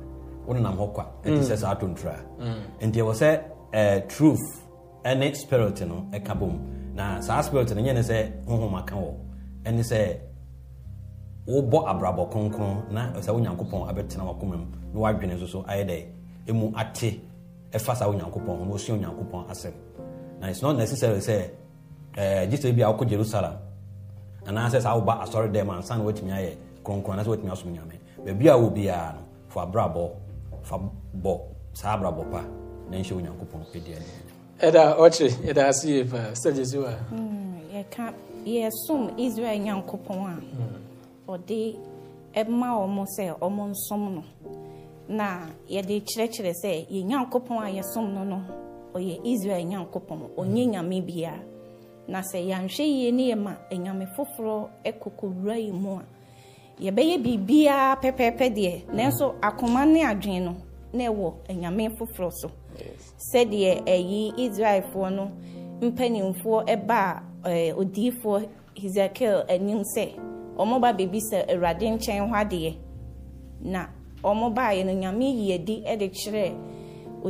wonam hɔ kwa ɛte mm. sɛ saa tontura mm. nti ɛwɔ eh, truth ɛne spirit no ɛka bom na saa spirit no nyɛ ne sɛ honhom aka wɔ ɛne sɛ wobɔ abrabɔ kronkron na sɛ wo nyankopɔn abɛtena wakoma mu na woadwene nso ayɛ dɛ ɛmu ate ɛfa saa onyankopɔn ho na ɔsua onyankopɔn asɛm na it's not necessary sɛ ɛɛ eh, gye bi a wokɔ Jerusalem anaasɛ saa woba asɔre dɛm ansa na watumi ayɛ kronkron anaasɛ watumi asom nyame baabi a wɔ biara no fa abrabɔ fa bɔ saa abrabɔ pa na nhyɛ onyankopɔn ɛdi ɛda ɔkye ɛda ase yie pa sɛ gye so a. Hmm, yɛka yɛsom Israel nyankopɔn a hmm. ɔde ɛma wɔn sɛ wɔn no. na yɛde kyerɛkyerɛ sɛ yɛn nyankopɔn a yɛsom no no ɔyɛ israel nyankopɔn ɔnyɛ mm. nyame bia na sɛ yɛanhwɛ yie ne yɛma anyame foforɔ wura yi mu a yɛbɛyɛ biribiara pɛpɛɛpɛ deɛ mm. nanso akoma ne adwene no na ɛwɔ anyame foforɔ so sɛdeɛ ɛyi israelfoɔ no mpanimfoɔ ɛbaa eh, odiyifoɔ hezekiel anim sɛ ɔmoba bɛbisa awurade nkyɛn hɔ adeɛ na wɔn ya no nyame yi adi kyerɛ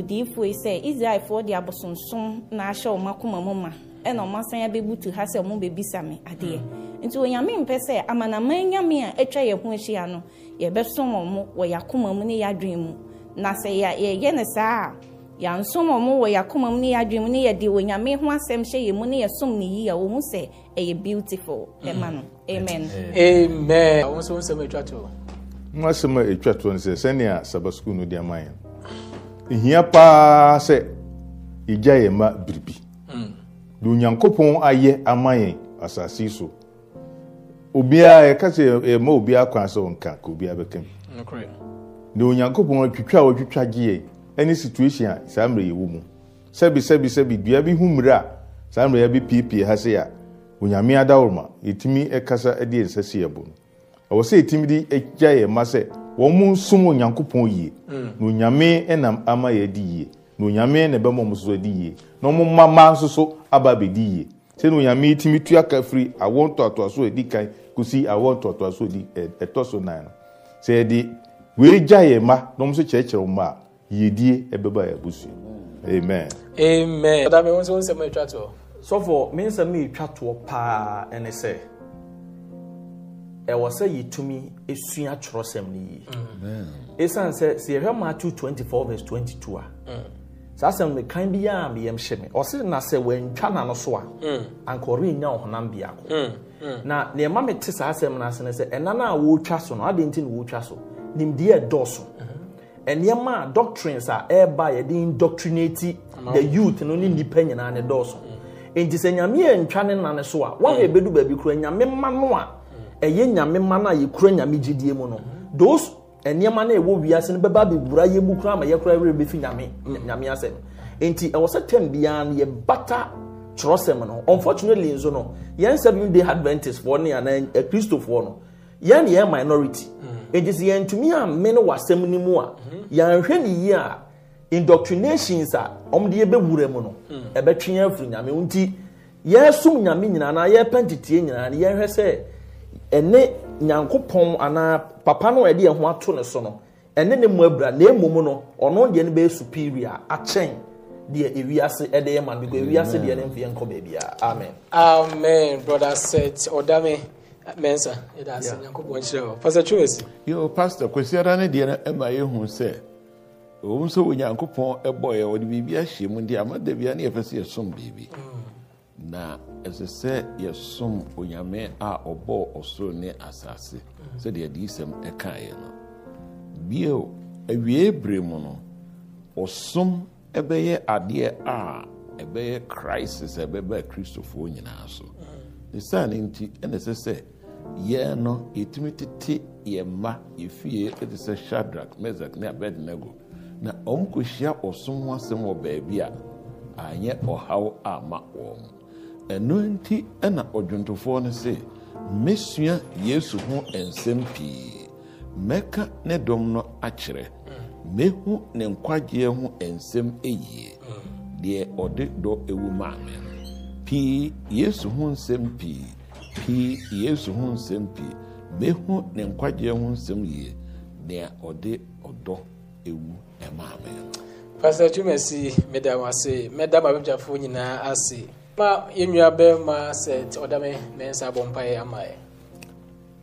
yi sɛ israelfoɔ de na ahyɛ wɔn akoma mu ma ɛna wɔn asan abɛbutu ha sɛ adeɛ nti onyame mpɛ sɛ amanaman nyame a atwa yɛn ho ahyia no yɛbɛsom wɔn wɔ yɛn akoma mu ne yɛn adwene mu na sɛ yɛyɛ no saa a yɛansom wɔn wɔ yɛn akoma mu ne yɛn adwene mu ne yɛde onyame ho asɛm hyɛ yɛn mu ne yɛsom ne yie a sɛ ɛyɛ beautiful ɛma no amen. amen. amen. amen. nwasɛm a ɛtwa toɔ no sɛ sɛnea saba sukuu no de ama yɛn ehia paa sɛ egya yɛn ma biribi mm. de onyankopɔn ayɛ ama yɛn asase yi so obiara yɛka sɛ yɛma obiara kwan sɛ ɔnka ka obiara bɛka bi de onyankopɔn atwitwa a watwitwa gye yɛn ɛne situation a saa mmerɛ yɛwɔ mu sɛbi sɛbi sɛbi dua bi hu mmerɛ a saa mmerɛ yɛbɛpiepie ha se a onyame adaworoma yɛtumi kasa de nsa si yɛbɔ no ɛwɔ sɛ yɛtumi de agya yɛn mma sɛ wɔn mu nsom onyankopɔn yie mm. na onyame nam ama yɛadi yie na onyame na ɛbɛma wɔn nso adi yie na wɔn mmama nso so aba abɛdi yie sɛ na onyame tumi tu aka firi awɔ ntoatoaso a ɛdi kan kɔsi awɔ ntoatoaso a ɛtɔ so nan no sɛ yɛde wei yɛn mma na wɔn nso kyerɛkyerɛ wɔn a yiedie ɛbɛba yɛn abusua amen. amen. ọ̀dà mi wọ́n sọ wọ́n sẹ́mu ẹ̀twa toɔ. sọ́fọ̀ mi nsẹ́mu ẹ̀twa toɔ paa ɛni sẹ́ ɛwɔ sɛ yɛtumi sua twerɛsɛm no yie ɛsiane sɛ sɛ yɛhwɛ matthew 24 vs 22 a saa asɛm mekan biaa meyɛm hye me ɔse na sɛ wantwa na no so a mm. anka ɔrenya ɔhonam biako mm, mm. na neɛ ma mete saa asɛm no ase no sɛ ɛna no a wɔretwa so no adɛn nti na wɔretwa so nimdeɛ ɛdɔɔso ɛnneɛma mm-hmm. a doctrines a ɛreba yɛde indoctrinate the youth no ne nnipa nyinaa ne dɔɔso enti sɛ nyame yɛ ntwa ne nane so a woahwɛ bɛdu baabi kora nyame ma no a ɛyɛ nyame ma no a yɛkura nyame gyidie mu no those nneɛma no a ɛwɔ wiase no bɛba abɛwura yɛ mu kura ama yɛkura werɛ bɛfi nyame nyame asɛm nti ɛwɔ sɛ tɛm biara no yɛbata twerɛsɛm no unfortunately nso no yɛn seven day adventist foɔ ne anaa akristofoɔ no yɛn ne yɛn minority mm. nti sɛ yɛntumi amme no w'asɛm no mu a mm-hmm. yɛnhwɛ ne yie a indoctrinations a wɔde yɛbɛwura mu no mm. ɛbɛtwe yɛn afiri nyame nti yɛsom nyame nyinaa na yɛpɛ nteteɛ nyinaa na yɛnhwɛ sɛ ɛne nyankopɔn anaa papa no a yɛde yɛn ho ato ne so no ɛne ne mu abira na emom no ɔno deɛ no bɛyɛ superior akyɛn deɛ ewiase ɛde yɛ ma no because ewiase deɛ ne nfi yɛn kɔ beebi a amen. amen brother set ɔdame mensa ɛda ase nyankopɔn kyerɛ hɔ pastor chuwesi. yoo pastor kwesi ara ne deɛ no ɛma yɛ hu sɛ owó nso wɔ nyankopɔn ɛbɔ yɛ wɔde biribi ahyɛ mu deɛ ama dabi a ne yɛfɛ sɛ yɛ som biribi. Mm. na ɛsɛ sɛ yɛsom onyame a ɔbɔɔ ɔsoro ne asase sɛdeɛ adiyisɛm ɛkaeɛ no bio awie bere mu no ɔsom ɛbɛyɛ adeɛ a ɛbɛyɛ crisis a ɛbɛbɛ kristofoɔ nyinaa so ne saa no nti ɛna ɛsɛ sɛ yɛn no yɛtumi tete yɛ mma yɛfie ɛte sɛ shadrach mesak ne abednego na ɔm kɔhyia ɔsom ho asɛm wɔ baabi a anyɛ ɔhaw ama wɔn ɛno nti na ɔdwontofoɔ no se mɛsua yesu ho ɛnsɛm pii mɛka ne dɔm no akyerɛ mɛhu ne nkwagyeɛ ho ɛnsɛm ɛyie deɛ ɔde dɔ ɛwu maa me no pii yesu ho nsɛm pii pii yesu ho nsɛm pii mɛhu ne nkwagyeɛ ho nsɛm yie deɛ ɔde ɔdɔ ɛwu maame. me no pastor twumasi meda wo ase mɛda mabɛbyafoɔ nyinaa ase ma yɛnnua bɛrima set ɔdame ne nsa bɔ mpaeɛ ama ɛ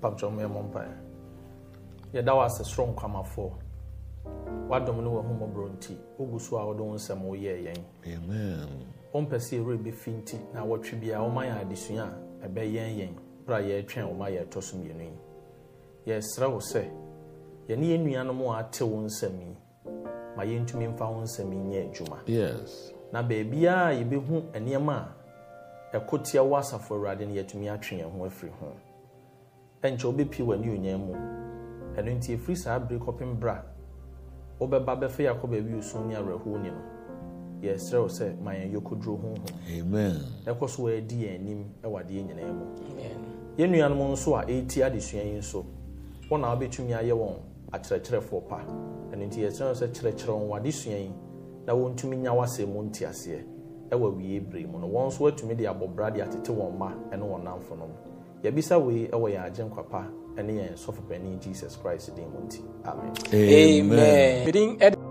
papkyɛm yɛ mɔ mpaeɛ yɛda wɔ ase soro nkwamafoɔ wadom ne wahummɔborɔ nti wogu so a wode wo nsɛm woyɛɛ yɛn wompɛ sɛ ɛwerɛ bɛfi nti na wɔtwe biaa woma yɛn adesua a ɛbɛyɛn yɛn berɛ a yɛretwɛn woma yɛretɔ so mmienu yi yɛsrɛ wo sɛ yɛne yɛn nuanom a ate wo nsɛm yi ma yɛntumi mfa ho nsɛm yi nyɛ adwuma na baabiaa yɛbɛhu nneɛma a ɛkotia wɔ asafo awurade no yɛtumi atwe yɛn ho afiri ho ɛnkyɛ wobɛpie w'ani onyan mu ɛno nti ɛfiri saa bere kɔpem bra wobɛba bɛfa yɛ akɔ baabi osu ne awerɛhoɔ ni no yɛsrɛ wo sɛ ma yɛn yɛkɔduro honhom ɛkɔ so wɔadi yɛn anim wɔ adeɛ nyinaa mu yɛn nuanom nso a ɛretia adesua yi nso wɔn a wobɛtumi ayɛ wɔn akyerɛkyerɛfoɔ pa ɛno nti yɛsrɛ wo sɛ kyerɛkyerɛ wɔn wɔ adesua yi na wɔntumi nya w'asɛm mu nteaseɛ ɛwɔ wie bere mu no wɔn nso atumi de abɔbra de atete wɔn mma ɛne wɔn namfo no yɛbisa wei ɛwɔ yɛn agyenkwapa ɛne yɛn sɔfo jesus christ din mu nti amen. amen. amen.